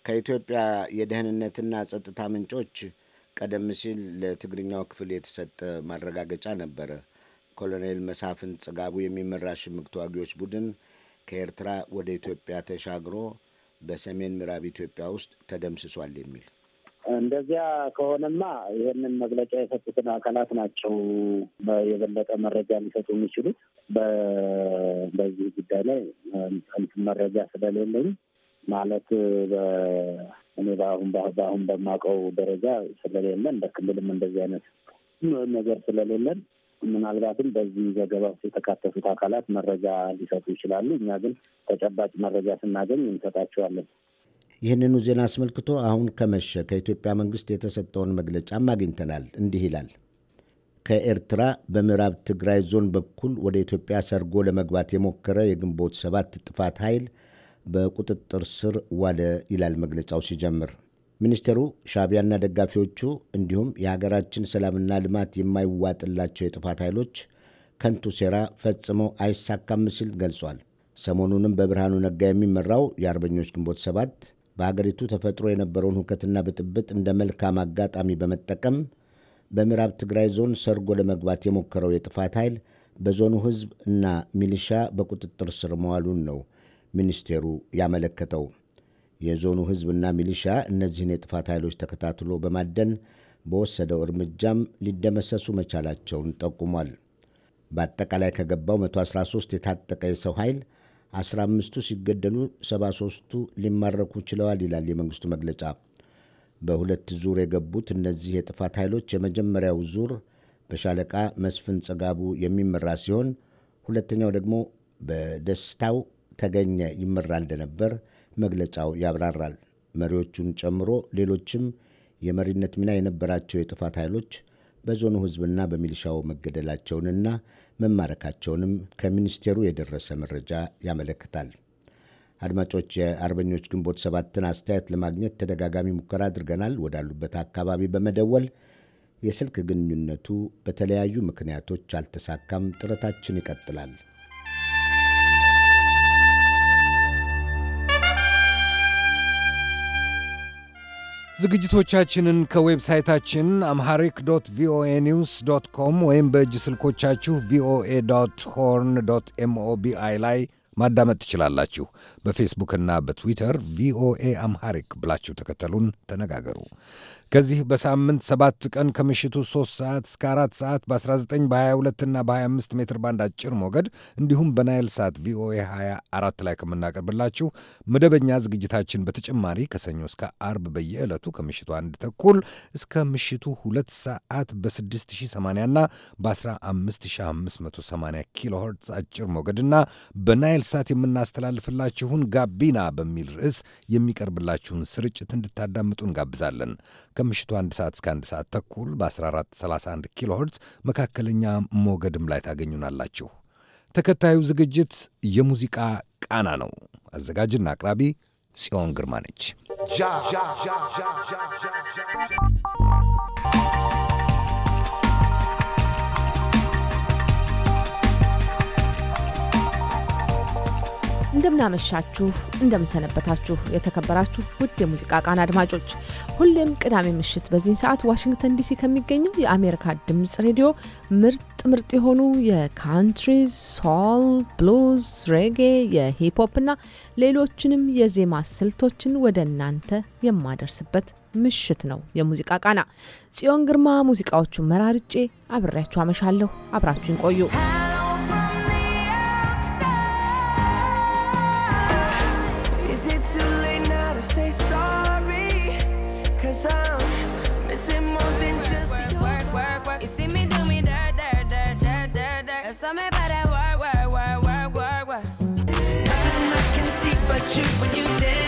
S4: ከኢትዮጵያ የደህንነትና ጸጥታ ምንጮች ቀደም ሲል ለትግርኛው ክፍል የተሰጠ ማረጋገጫ ነበረ። ኮሎኔል መሳፍን ጽጋቡ የሚመራ ሽምቅ ተዋጊዎች ቡድን ከኤርትራ ወደ ኢትዮጵያ ተሻግሮ በሰሜን ምዕራብ ኢትዮጵያ ውስጥ ተደምስሷል የሚል
S5: እንደዚያ ከሆነማ ይህንን መግለጫ የሰጡትን አካላት ናቸው የበለጠ መረጃ ሊሰጡ የሚችሉት። በዚህ ጉዳይ ላይ እንትን መረጃ ስለሌለኝ ማለት እኔ በአሁን በአሁን በማውቀው ደረጃ ስለሌለን በክልልም እንደዚህ አይነት ነገር ስለሌለን ምናልባትም በዚህ ዘገባ ውስጥ የተካተቱት አካላት መረጃ ሊሰጡ ይችላሉ። እኛ ግን ተጨባጭ መረጃ ስናገኝ እንሰጣቸዋለን።
S4: ይህንኑ ዜና አስመልክቶ አሁን ከመሸ ከኢትዮጵያ መንግስት የተሰጠውን መግለጫም አግኝተናል። እንዲህ ይላል። ከኤርትራ በምዕራብ ትግራይ ዞን በኩል ወደ ኢትዮጵያ ሰርጎ ለመግባት የሞከረ የግንቦት ሰባት ጥፋት ኃይል በቁጥጥር ስር ዋለ ይላል መግለጫው ሲጀምር ሚኒስቴሩ ሻቢያና ደጋፊዎቹ እንዲሁም የሀገራችን ሰላምና ልማት የማይዋጥላቸው የጥፋት ኃይሎች ከንቱ ሴራ ፈጽመው አይሳካም ሲል ገልጿል። ሰሞኑንም በብርሃኑ ነጋ የሚመራው የአርበኞች ግንቦት ሰባት በሀገሪቱ ተፈጥሮ የነበረውን ሁከትና ብጥብጥ እንደ መልካም አጋጣሚ በመጠቀም በምዕራብ ትግራይ ዞን ሰርጎ ለመግባት የሞከረው የጥፋት ኃይል በዞኑ ሕዝብ እና ሚሊሻ በቁጥጥር ስር መዋሉን ነው ሚኒስቴሩ ያመለከተው። የዞኑ ሕዝብና ሚሊሻ እነዚህን የጥፋት ኃይሎች ተከታትሎ በማደን በወሰደው እርምጃም ሊደመሰሱ መቻላቸውን ጠቁሟል። በአጠቃላይ ከገባው 113 የታጠቀ የሰው ኃይል 15ቱ ሲገደሉ 73ቱ ሊማረኩ ችለዋል ይላል የመንግስቱ መግለጫ። በሁለት ዙር የገቡት እነዚህ የጥፋት ኃይሎች የመጀመሪያው ዙር በሻለቃ መስፍን ጸጋቡ የሚመራ ሲሆን ሁለተኛው ደግሞ በደስታው ተገኘ ይመራ እንደነበር መግለጫው ያብራራል። መሪዎቹን ጨምሮ ሌሎችም የመሪነት ሚና የነበራቸው የጥፋት ኃይሎች በዞኑ ሕዝብና በሚልሻው መገደላቸውንና መማረካቸውንም ከሚኒስቴሩ የደረሰ መረጃ ያመለክታል። አድማጮች፣ የአርበኞች ግንቦት ሰባትን አስተያየት ለማግኘት ተደጋጋሚ ሙከራ አድርገናል። ወዳሉበት አካባቢ በመደወል የስልክ ግንኙነቱ በተለያዩ ምክንያቶች አልተሳካም። ጥረታችን ይቀጥላል።
S1: ዝግጅቶቻችንን ከዌብሳይታችን አምሃሪክ ዶት ቪኦኤ ኒውስ ዶት ኮም ወይም በእጅ ስልኮቻችሁ ቪኦኤ ዶት ሆርን ዶት ኤምኦቢአይ ላይ ማዳመጥ ትችላላችሁ። በፌስቡክና በትዊተር ቪኦኤ አምሃሪክ ብላችሁ ተከተሉን፣ ተነጋገሩ። ከዚህ በሳምንት ሰባት ቀን ከምሽቱ 3 ሰዓት እስከ 4 ሰዓት በ19 በ22 እና በ25 ሜትር ባንድ አጭር ሞገድ እንዲሁም በናይል ሳት ቪኦኤ 24 ላይ ከምናቀርብላችሁ መደበኛ ዝግጅታችን በተጨማሪ ከሰኞ እስከ አርብ በየዕለቱ ከምሽቱ አንድ ተኩል እስከ ምሽቱ 2 ሰዓት በ6080 እና በ15580 ኪሎ አጭር ሞገድና በናይል ሳት የምናስተላልፍላችሁን ጋቢና በሚል ርዕስ የሚቀርብላችሁን ስርጭት እንድታዳምጡ እንጋብዛለን። ከምሽቱ አንድ ሰዓት እስከ አንድ ሰዓት ተኩል በ1431 ኪሎ ሄርትዝ መካከለኛ ሞገድም ላይ ታገኙናላችሁ። ተከታዩ ዝግጅት የሙዚቃ ቃና ነው። አዘጋጅና አቅራቢ ጽዮን ግርማ ነች።
S6: እንደምናመሻችሁ፣ እንደምንሰነበታችሁ የተከበራችሁ ውድ የሙዚቃ ቃና አድማጮች ሁሌም ቅዳሜ ምሽት በዚህን ሰዓት ዋሽንግተን ዲሲ ከሚገኘው የአሜሪካ ድምፅ ሬዲዮ ምርጥ ምርጥ የሆኑ የካንትሪ፣ ሶል፣ ብሉዝ፣ ሬጌ፣ የሂፕሆፕ እና ሌሎችንም የዜማ ስልቶችን ወደ እናንተ የማደርስበት ምሽት ነው። የሙዚቃ ቃና ጽዮን ግርማ ሙዚቃዎቹን መራርጬ አብሬያችሁ አመሻለሁ። አብራችሁን ቆዩ።
S7: Missing more than work, Work, work, work. You see me do me That's all about work, work, work, work, work. Nothing I can see but you when you dance.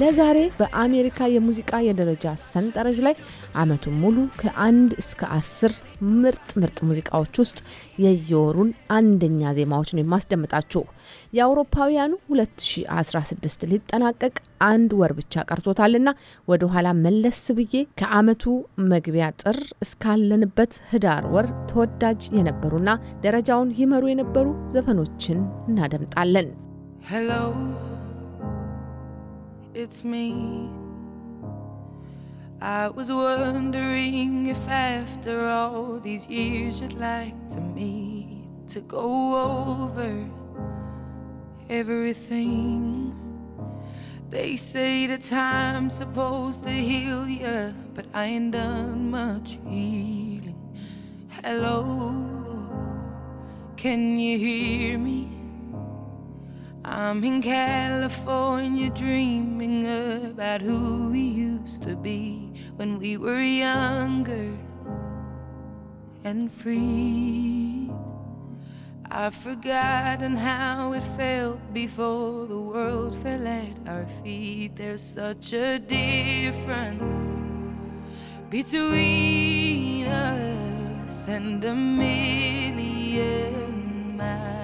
S6: ለዛሬ በአሜሪካ የሙዚቃ የደረጃ ሰንጠረዥ ላይ አመቱን ሙሉ ከአንድ እስከ አስር ምርጥ ምርጥ ሙዚቃዎች ውስጥ የየወሩን አንደኛ ዜማዎችን የማስደምጣችሁ። የአውሮፓውያኑ 2016 ሊጠናቀቅ አንድ ወር ብቻ ቀርቶታልና ወደኋላ መለስ ብዬ ከአመቱ መግቢያ ጥር እስካለንበት ህዳር ወር ተወዳጅ የነበሩና ደረጃውን ይመሩ የነበሩ ዘፈኖችን እናደምጣለን።
S8: it's me. I was wondering if after all these years you'd like to meet to go over everything. They say the time's supposed to heal you, but I ain't done much healing. Hello, can you hear me? I'm in California dreaming about who we used to be when we were younger and free. I've forgotten how it felt before the world fell at our feet. There's such a difference between us and a million miles.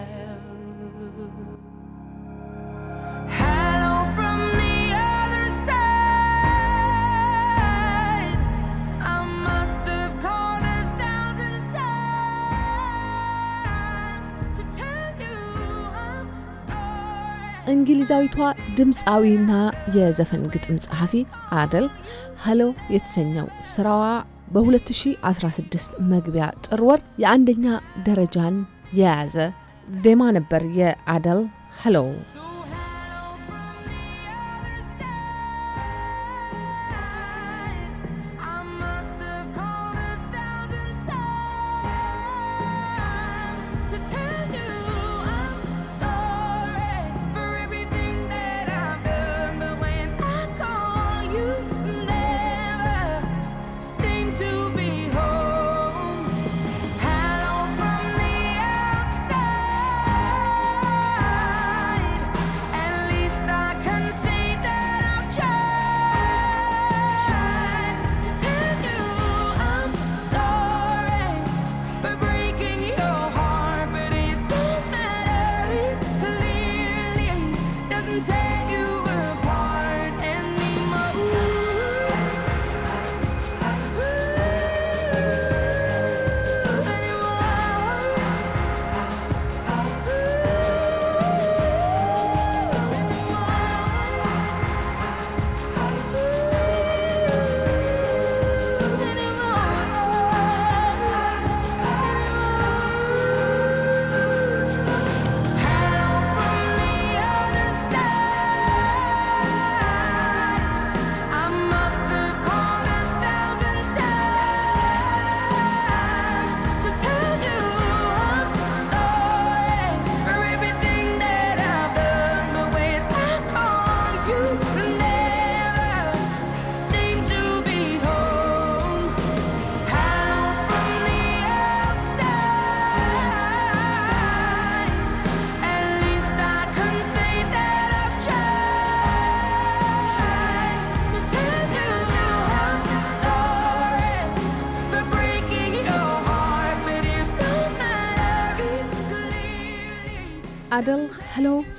S6: እንግሊዛዊቷ ድምፃዊና የዘፈን ግጥም ጸሐፊ አደል ሀሎ የተሰኘው ስራዋ በ2016 መግቢያ ጥር ወር የአንደኛ ደረጃን የያዘ ዜማ ነበር። የአደል ሀሎ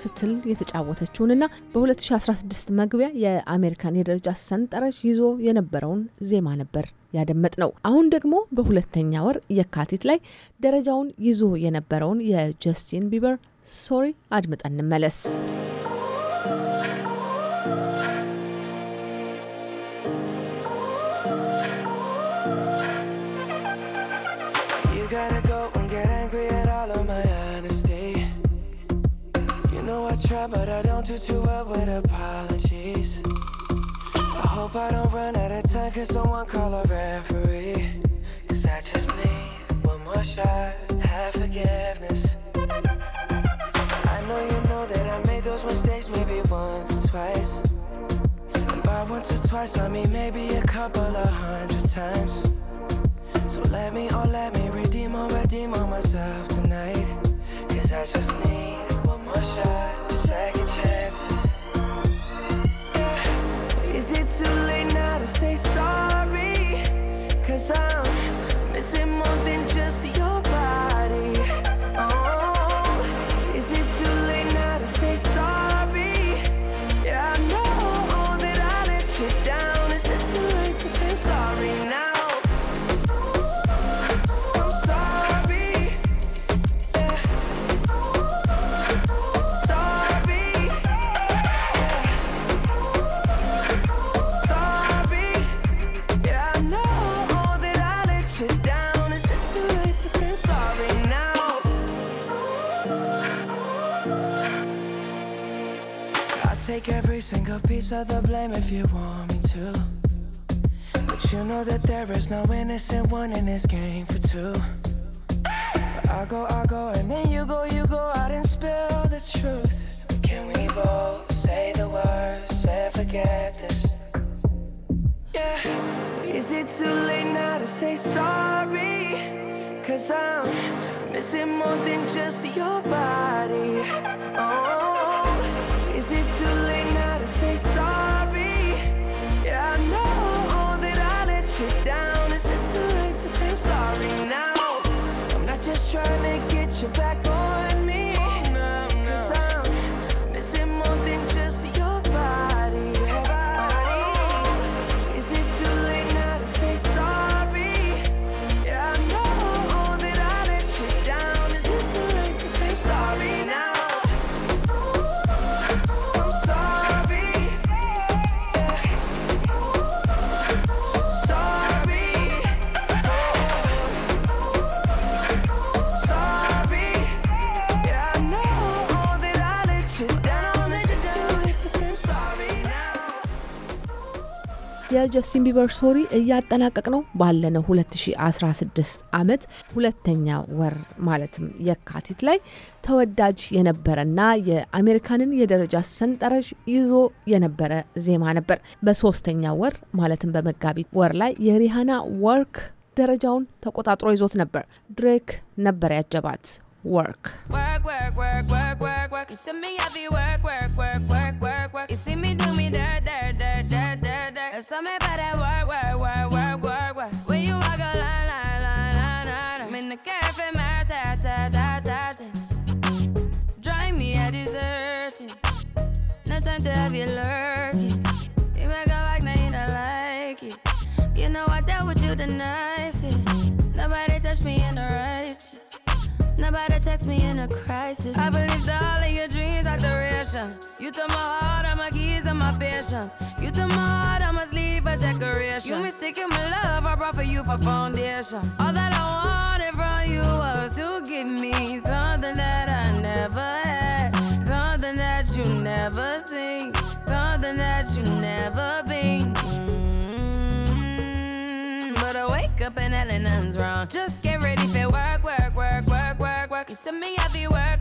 S6: ስትል የተጫወተችውንና በ2016 መግቢያ የአሜሪካን የደረጃ ሰንጠረዥ ይዞ የነበረውን ዜማ ነበር ያደመጥ ነው። አሁን ደግሞ በሁለተኛ ወር የካቲት ላይ ደረጃውን ይዞ የነበረውን የጀስቲን ቢበር ሶሪ አድምጠን እንመለስ።
S8: try, but I don't do too well with apologies. I hope I don't run out of time, cause someone call a referee. Cause I just need one more shot, have forgiveness. I know you know that I made those mistakes maybe once or twice. And by once or twice, I mean maybe a couple of hundred times. So let me, oh, let me redeem or redeem on myself tonight. Cause I just need. too late now to say sorry. Cause I'm missing more than just your. deserve the blame if you want me to. But you know that there is no innocent one in this game for two. But I go, I go, and then you go, you go out and spill the truth. Can we both say the words and forget this? Yeah. Is it too late now to say sorry? Cause I'm missing more than just your body. Oh, is it too late now to say sorry? your back on
S6: የጀስቲን ቢበር ስቶሪ እያጠናቀቅ ነው ባለነው 2016 ዓመት ሁለተኛ ወር ማለትም የካቲት ላይ ተወዳጅ የነበረና የአሜሪካንን የደረጃ ሰንጠረዥ ይዞ የነበረ ዜማ ነበር። በሶስተኛ ወር ማለትም በመጋቢት ወር ላይ የሪሃና ወርክ ደረጃውን ተቆጣጥሮ ይዞት ነበር። ድሬክ ነበር ያጀባት ወርክ
S7: You see me do me that, that. Something about that work, work, work, work, work, work. When you walk a line, line, line, line, line. I'm in the cafe, my ta ta ta ta Drive me I a you. No time to have you lurking. You make a like, now you don't like it. You know I dealt with you tonight. about text me in a crisis. I believed all of your dreams are duration. You took my heart, all my keys, and my patience. You took my heart, I must leave a decoration. You mistaken my love, I brought for you for foundation. All that I wanted from you was to give me something that I never had, something that you never seen, something that you never been. Mm-hmm. But I wake up and nothing's wrong. Just get ready for work, work, work to me everywhere.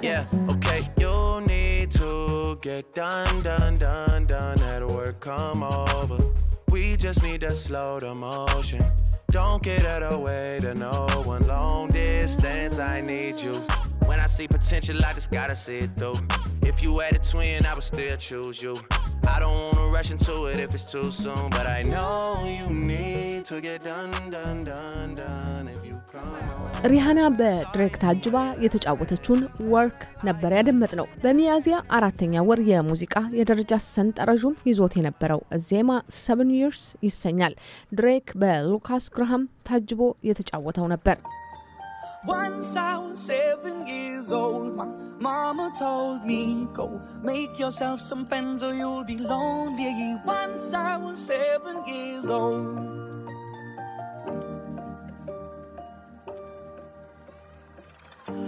S7: Yeah,
S9: okay, you need to get done, done, done, done at work, come over. We just need to slow the motion. Don't get out of the way to no one. Long distance, I need you. When I see potential, I just gotta see it through. If you had a twin, I would still choose you. I don't wanna rush into it if it's too soon, but I know you need to get done, done, done,
S6: done. ሪሃና በድሬክ ታጅባ የተጫወተችውን ወርክ ነበር ያደመጥ ነው። በሚያዚያ አራተኛ ወር የሙዚቃ የደረጃ ሰንጠረዡን ይዞት የነበረው ዜማ ሰቨን ይርስ ይሰኛል። ድሬክ በሉካስ ግርሃም ታጅቦ የተጫወተው ነበር።
S10: Once I was seven years old, my mama told me, go make yourself some friends or you'll be lonely. Once I was seven years old.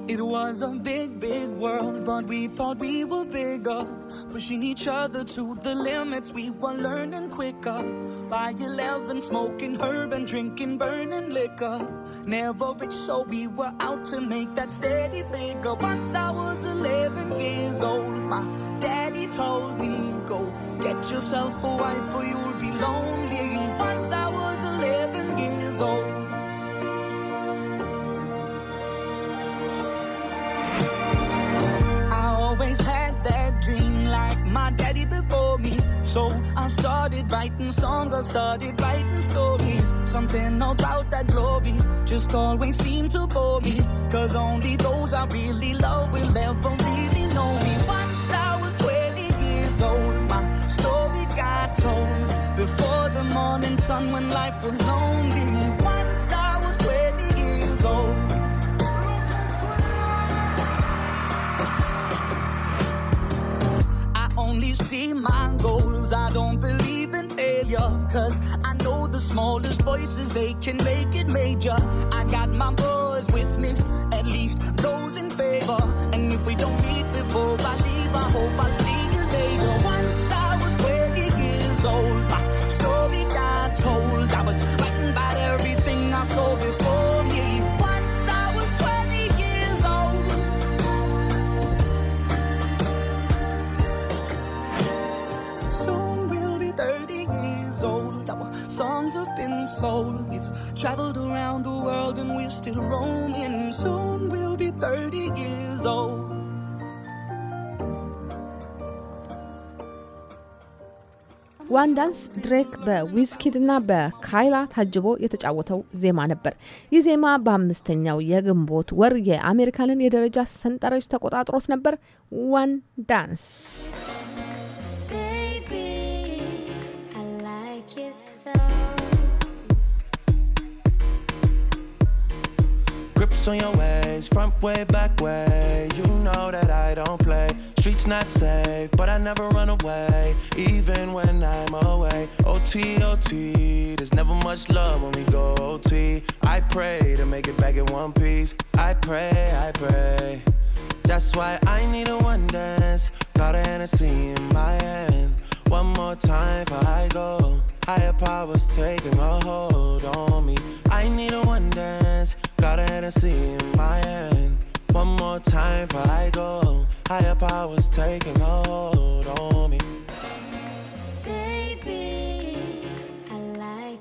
S10: It was a big, big world, but we thought we were bigger. Pushing each other to the limits, we were learning quicker. By 11, smoking herb and drinking burning liquor. Never rich, so we were out to make that steady figure. Once I was 11 years old, my daddy told me, Go get yourself a wife, or you'll be lonely. Once I was 11 years old. my daddy before me. So I started writing songs, I started writing stories. Something about that glory just always seemed to bore me. Cause only those I really love will ever really know me. Once I was 20 years old, my story got told. Before the morning sun when life was lonely. only see my goals. I don't believe in failure, cause I know the smallest voices, they can make it major. I got my boys with me, at least those in favor. And if we don't meet before I leave, I hope I'll see you later. Once I was 20 years old, my story got told. I was frightened everything I saw before. songs have been sold. We've traveled around the world and we're still roaming. Soon we'll be 30 years old.
S6: ዋን ዳንስ ድሬክ በዊዝኪድ እና በካይላ ታጅቦ የተጫወተው ዜማ ነበር። ይህ ዜማ በአምስተኛው የግንቦት ወር የአሜሪካንን የደረጃ ሰንጠረዥ ተቆጣጥሮት ነበር። ዋን ዳንስ
S9: on your ways, front way, back way. You know that I don't play. Streets not safe, but I never run away, even when I'm away. OT, OT, there's never much love when we go OT. I pray to make it back in one piece. I pray, I pray. That's why I need a one dance. Got a Hennessy in my hand. One more time I go. Higher powers taking a hold on me. I need a one dance. Got a Hennessy in my hand. One more time before I go. Higher powers taking hold on me. Baby, I like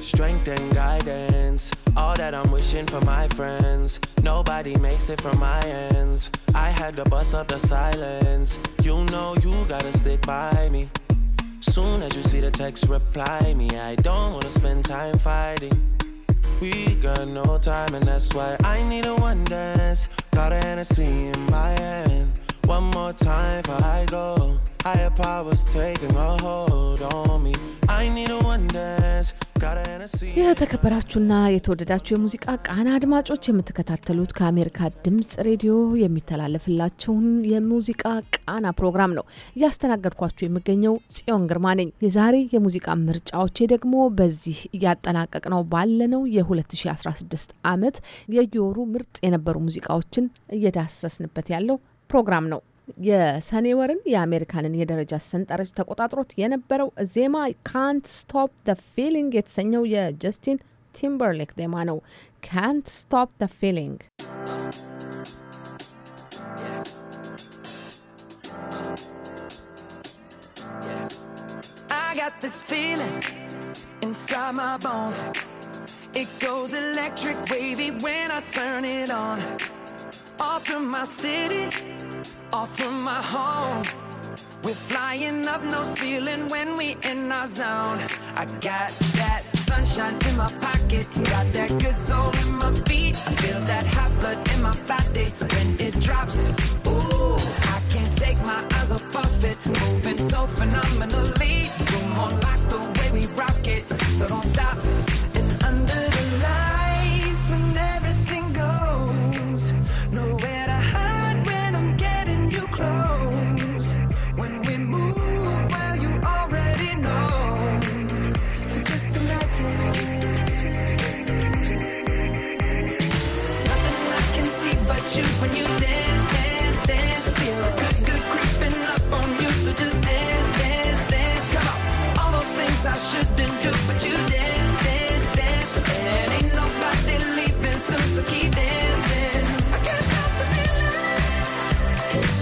S9: Strength and guidance, all that I'm wishing for my friends. Nobody makes it from my ends. I had to bust up the silence. You know you gotta stick by me. Soon as you see the text, reply me. I don't wanna spend time fighting. We got no time, and that's why I need a one dance. Got a Hennessy in my hand. One more time for I go. Higher powers taking a hold on me. I need a one dance.
S6: የተከበራችሁና የተወደዳችሁ የሙዚቃ ቃና አድማጮች የምትከታተሉት ከአሜሪካ ድምጽ ሬዲዮ የሚተላለፍላችሁን የሙዚቃ ቃና ፕሮግራም ነው። እያስተናገድኳችሁ የምገኘው ጽዮን ግርማ ነኝ። የዛሬ የሙዚቃ ምርጫዎቼ ደግሞ በዚህ እያጠናቀቅ ነው ባለነው የ2016 ዓመት የየወሩ ምርጥ የነበሩ ሙዚቃዎችን እየዳሰስንበት ያለው ፕሮግራም ነው። የሰኔ ወርን የአሜሪካንን የደረጃ ሰንጠረዥ ተቆጣጥሮት የነበረው ዜማ ካንት ስቶፕ ደ ፊሊንግ የተሰኘው የጀስቲን ቲምበርሌክ ዜማ ነው። ካንት ስቶፕ ደ ፊሊንግ
S11: I got this feeling inside my bones. It goes electric wavy when I turn it on. my city off from my home. We're flying up, no ceiling when we in our zone. I got that sunshine in my pocket, got that good soul in my feet. I feel that hot blood in my body when it drops. Ooh, I can't take my eyes off it, moving so phenomenally. Come on, like the way we rock it, so don't stop. And under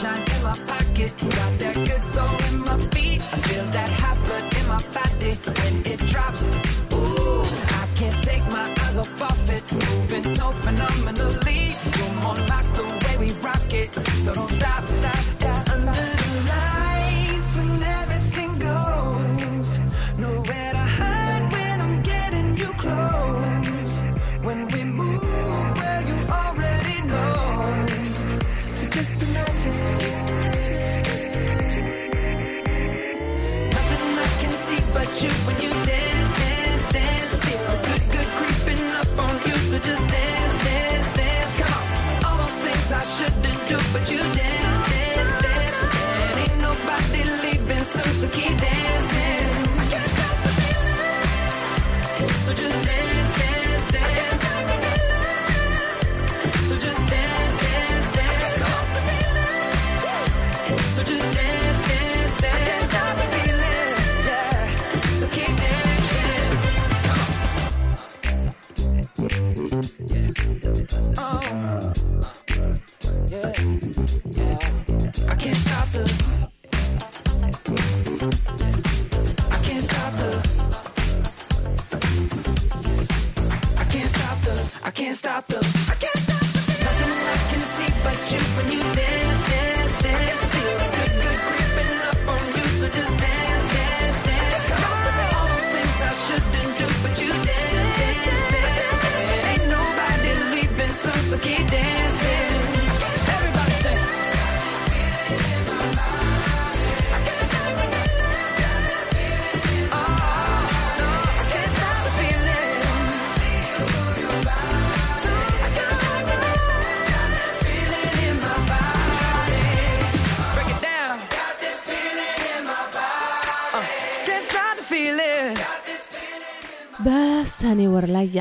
S11: sunshine in my pocket. Got that good soul in my feet. I feel that hot blood in my body when it drops. Ooh, I can't take my eyes off of it. Moving so phenomenally. You're more like the way we rock it. So don't stop, stop, stop.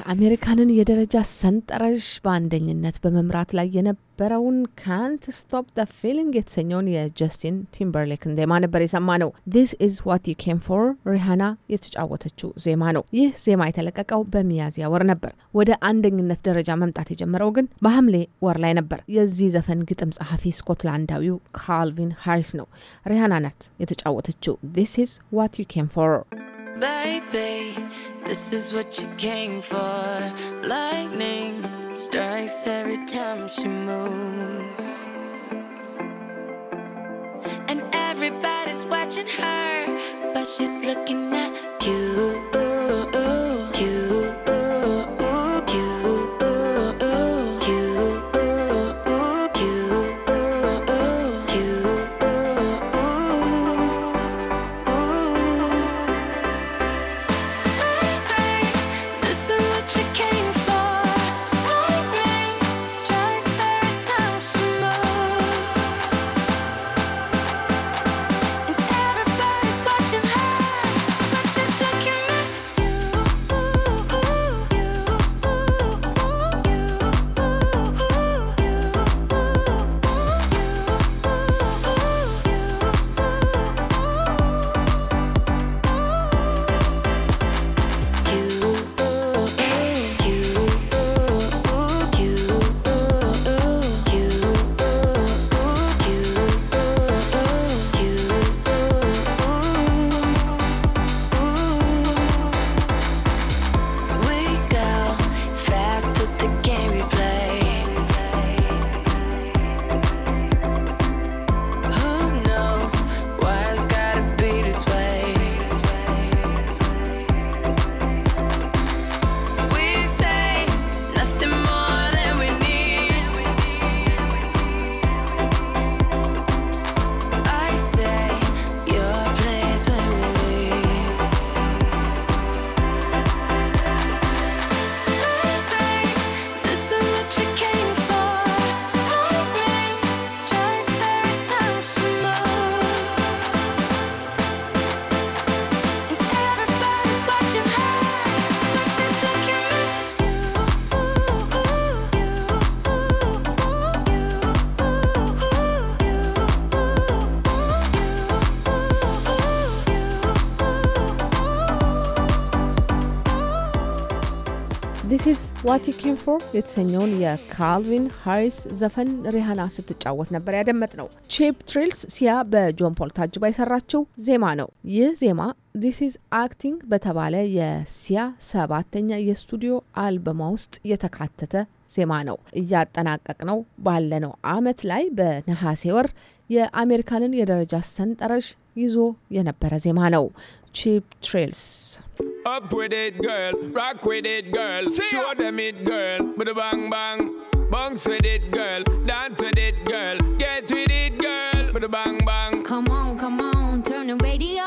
S6: የአሜሪካንን የደረጃ ሰንጠረዥ በአንደኝነት በመምራት ላይ የነበረውን ካንት ስቶፕ ዘ ፊሊንግ የተሰኘውን የጀስቲን ቲምበርሌክን ዜማ ነበር የሰማ ነው። ዚስ ኢዝ ዋት ዩ ኬም ፎር ሪሃና የተጫወተችው ዜማ ነው። ይህ ዜማ የተለቀቀው በሚያዝያ ወር ነበር። ወደ አንደኝነት ደረጃ መምጣት የጀመረው ግን በሐምሌ ወር ላይ ነበር። የዚህ ዘፈን ግጥም ጸሐፊ ስኮትላንዳዊው ካልቪን ሃሪስ ነው። ሪሃና ናት የተጫወተችው ዲስ ኢዝ ዋት ዩ ኬም ፎር
S7: This is what you came for. Lightning strikes every time she moves. And everybody's watching her, but she's looking at you.
S6: ዋቲኪንፎር የተሰኘውን የካልቪን ሃሪስ ዘፈን ሪሃና ስትጫወት ነበር ያደመጥ ነው። ቺፕ ትሪልስ ሲያ በጆን ፖል ታጅባ የሰራችው ዜማ ነው። ይህ ዜማ ዲስ ኢዝ አክቲንግ በተባለ የሲያ ሰባተኛ የስቱዲዮ አልበማ ውስጥ የተካተተ ዜማ ነው። እያጠናቀቅ ነው ባለነው አመት ላይ በነሐሴ ወር የአሜሪካንን የደረጃ ሰንጠረዥ ይዞ የነበረ ዜማ ነው። cheap thrills.
S7: Up with it, girl. Rock with it, girl. Show them it, girl. bang bang. Bounce with it, girl. Dance with it, girl. Get with it, girl. bang bang. Come on, come on. Turn the radio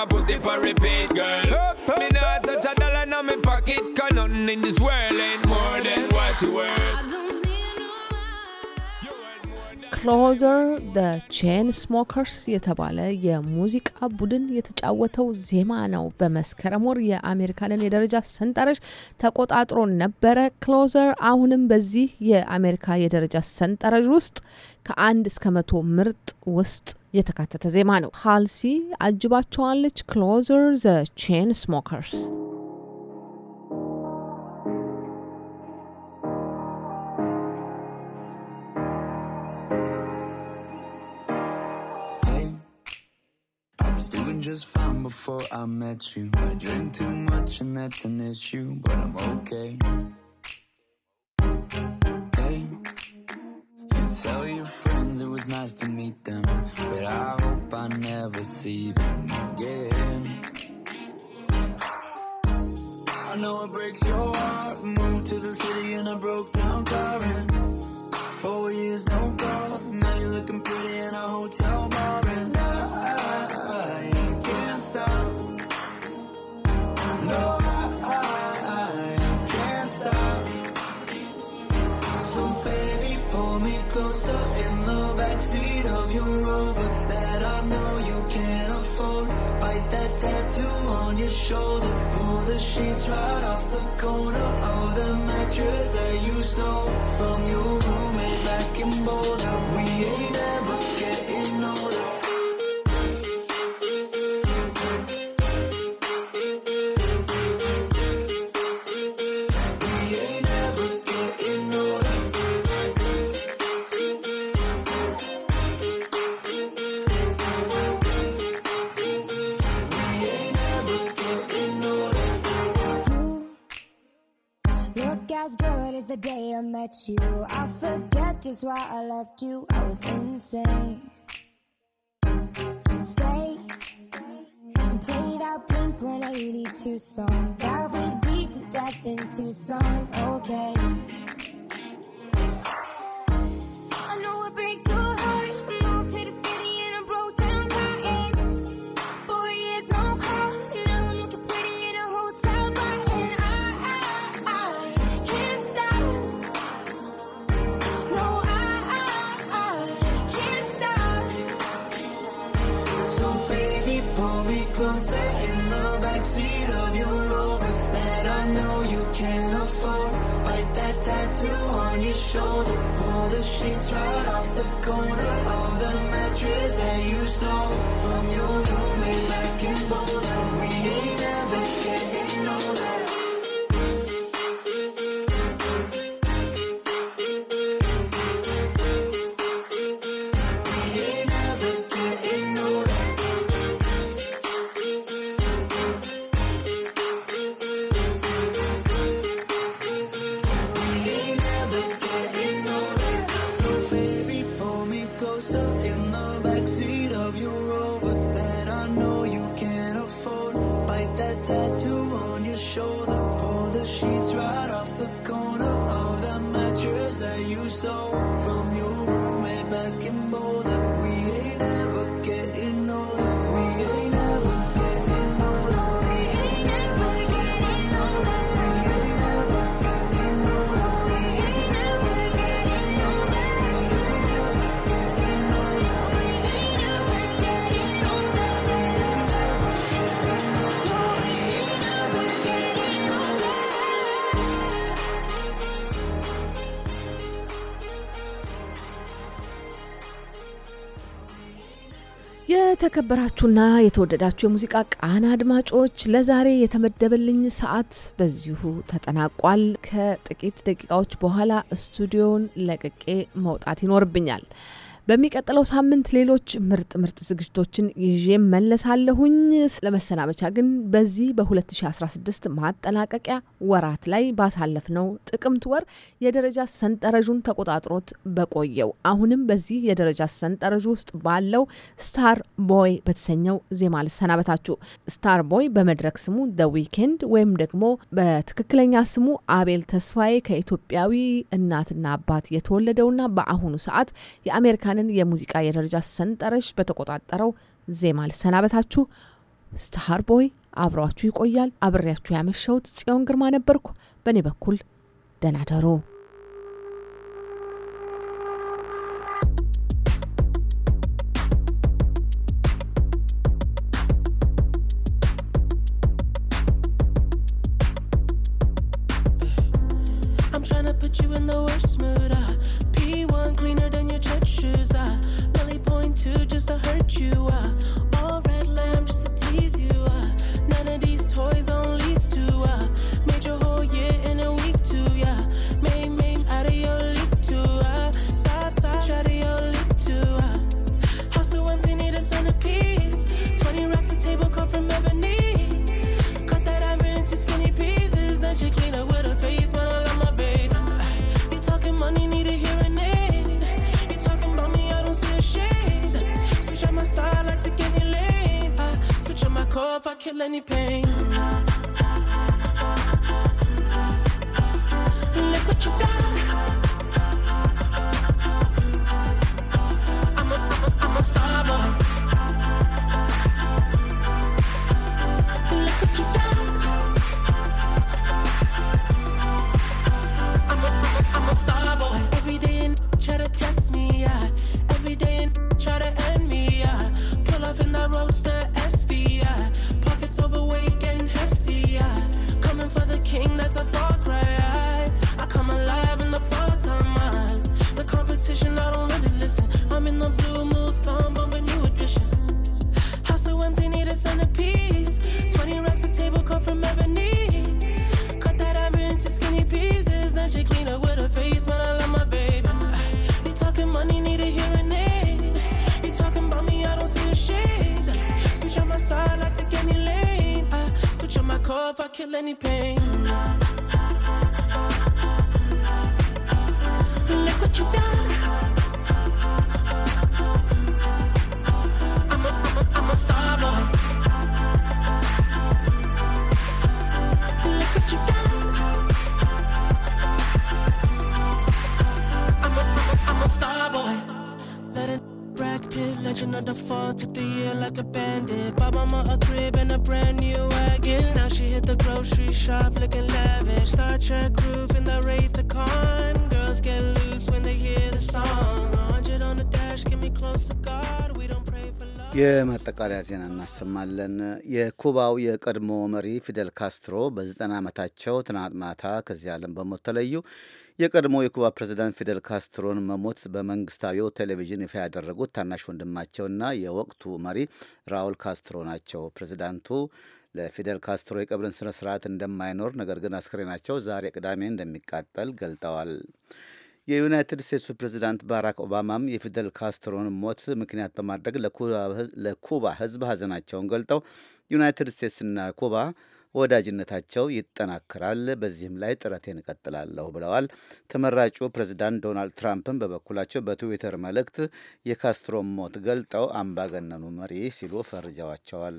S7: I put it repeat, girl. Up, up, me touch a dollar in my pocket, cause nothing in this world ain't more than what you worth.
S6: Closer the ቼን ስሞከርስ የተባለ የሙዚቃ ቡድን የተጫወተው ዜማ ነው። በመስከረም ወር የአሜሪካንን የደረጃ ሰንጠረዥ ተቆጣጥሮ ነበረ። ክሎዘር አሁንም በዚህ የአሜሪካ የደረጃ ሰንጠረዥ ውስጥ ከአንድ እስከ መቶ ምርጥ ውስጥ የተካተተ ዜማ ነው። ሃልሲ አጅባቸዋለች። ክሎዘር ዘ ቼን ስሞከርስ
S12: before I met you. I drink too much and that's an issue, but I'm okay. Hey, you tell your friends it was nice to meet them, but I hope I never see them again. I know it breaks your heart. Moved to the city in a broke down car. And four years, no calls. Now you're looking pretty in a hotel bar. shoulder Pull the sheets right off the corner Of the mattress that you stole from your
S11: the day I met you. I forget just why I left you. I was insane. Stay and play that Blink 182 song that we beat to death in Tucson. Okay.
S12: shoulder Pull the sheets right off the corner Of the mattress that you stole From your room
S6: የተከበራችሁና የተወደዳችሁ የሙዚቃ ቃና አድማጮች ለዛሬ የተመደበልኝ ሰዓት በዚሁ ተጠናቋል። ከጥቂት ደቂቃዎች በኋላ ስቱዲዮን ለቅቄ መውጣት ይኖርብኛል። በሚቀጥለው ሳምንት ሌሎች ምርጥ ምርጥ ዝግጅቶችን ይዤ መለሳለሁኝ። ለመሰናበቻ ግን በዚህ በ2016 ማጠናቀቂያ ወራት ላይ ባሳለፍነው ጥቅምት ወር የደረጃ ሰንጠረዡን ተቆጣጥሮት በቆየው አሁንም በዚህ የደረጃ ሰንጠረዥ ውስጥ ባለው ስታር ቦይ በተሰኘው ዜማ ልሰናበታችሁ። ስታር ቦይ በመድረክ ስሙ ደ ዊኬንድ ወይም ደግሞ በትክክለኛ ስሙ አቤል ተስፋዬ ከኢትዮጵያዊ እናትና አባት የተወለደውና በአሁኑ ሰዓት የአሜሪካን የባህልን የሙዚቃ የደረጃ ሰንጠረዥ በተቆጣጠረው ዜማ ልሰናበታችሁ። ስታር ቦይ አብሯችሁ ይቆያል። አብሬያችሁ ያመሸሁት ጽዮን ግርማ ነበርኩ። በእኔ በኩል ደናደሩ
S13: I'm trying to put you in the worst mood. Uh, P1 cleaner than you. red shoes. I really point to just to hurt you. I hope I kill any pain. Look what you done.
S3: I'm a, I'm a, I'm a star boy.
S2: ማጠቃለያ ዜና እናሰማለን። የኩባው የቀድሞ መሪ ፊደል ካስትሮ በዘጠና ዓመታቸው ትናንት ማታ ከዚህ ዓለም በሞት ተለዩ። የቀድሞ የኩባ ፕሬዚዳንት ፊደል ካስትሮን መሞት በመንግስታዊው ቴሌቪዥን ይፋ ያደረጉት ታናሽ ወንድማቸውና የወቅቱ መሪ ራውል ካስትሮ ናቸው። ፕሬዚዳንቱ ለፊደል ካስትሮ የቀብርን ስነ ስርዓት እንደማይኖር ነገር ግን አስክሬናቸው ዛሬ ቅዳሜ እንደሚቃጠል ገልጠዋል። የዩናይትድ ስቴትሱ ፕሬዚዳንት ባራክ ኦባማም የፊደል ካስትሮን ሞት ምክንያት በማድረግ ለኩባ ሕዝብ ሀዘናቸውን ገልጠው ዩናይትድ ስቴትስና ኩባ ወዳጅነታቸው ይጠናከራል፣ በዚህም ላይ ጥረቴን እቀጥላለሁ ብለዋል። ተመራጩ ፕሬዚዳንት ዶናልድ ትራምፕን በበኩላቸው በትዊተር መልእክት የካስትሮን ሞት ገልጠው አምባገነኑ መሪ ሲሉ ፈርጀዋቸዋል።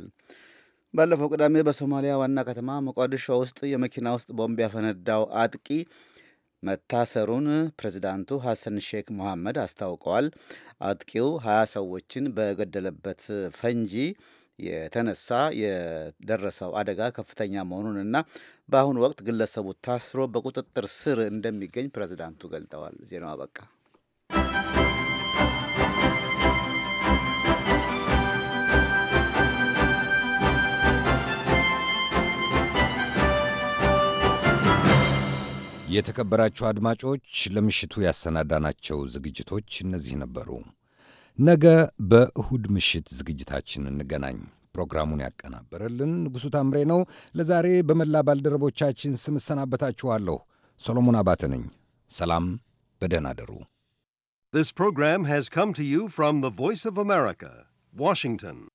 S2: ባለፈው ቅዳሜ በሶማሊያ ዋና ከተማ ሞቃዲሾ ውስጥ የመኪና ውስጥ ቦምብ ያፈነዳው አጥቂ መታሰሩን ፕሬዚዳንቱ ሐሰን ሼክ መሐመድ አስታውቀዋል። አጥቂው ሀያ ሰዎችን በገደለበት ፈንጂ የተነሳ የደረሰው አደጋ ከፍተኛ መሆኑንና በአሁኑ ወቅት ግለሰቡ ታስሮ በቁጥጥር ስር እንደሚገኝ ፕሬዚዳንቱ ገልጠዋል። ዜናው አበቃ።
S1: የተከበራችሁ አድማጮች ለምሽቱ ያሰናዳናቸው ዝግጅቶች እነዚህ ነበሩ። ነገ በእሁድ ምሽት ዝግጅታችን እንገናኝ። ፕሮግራሙን ያቀናበረልን ንጉሡ ታምሬ ነው። ለዛሬ በመላ ባልደረቦቻችን ስም እሰናበታችኋለሁ። ሰሎሞን አባተ ነኝ። ሰላም፣ በደህና አደሩ። This program has come to you from the Voice of America, Washington.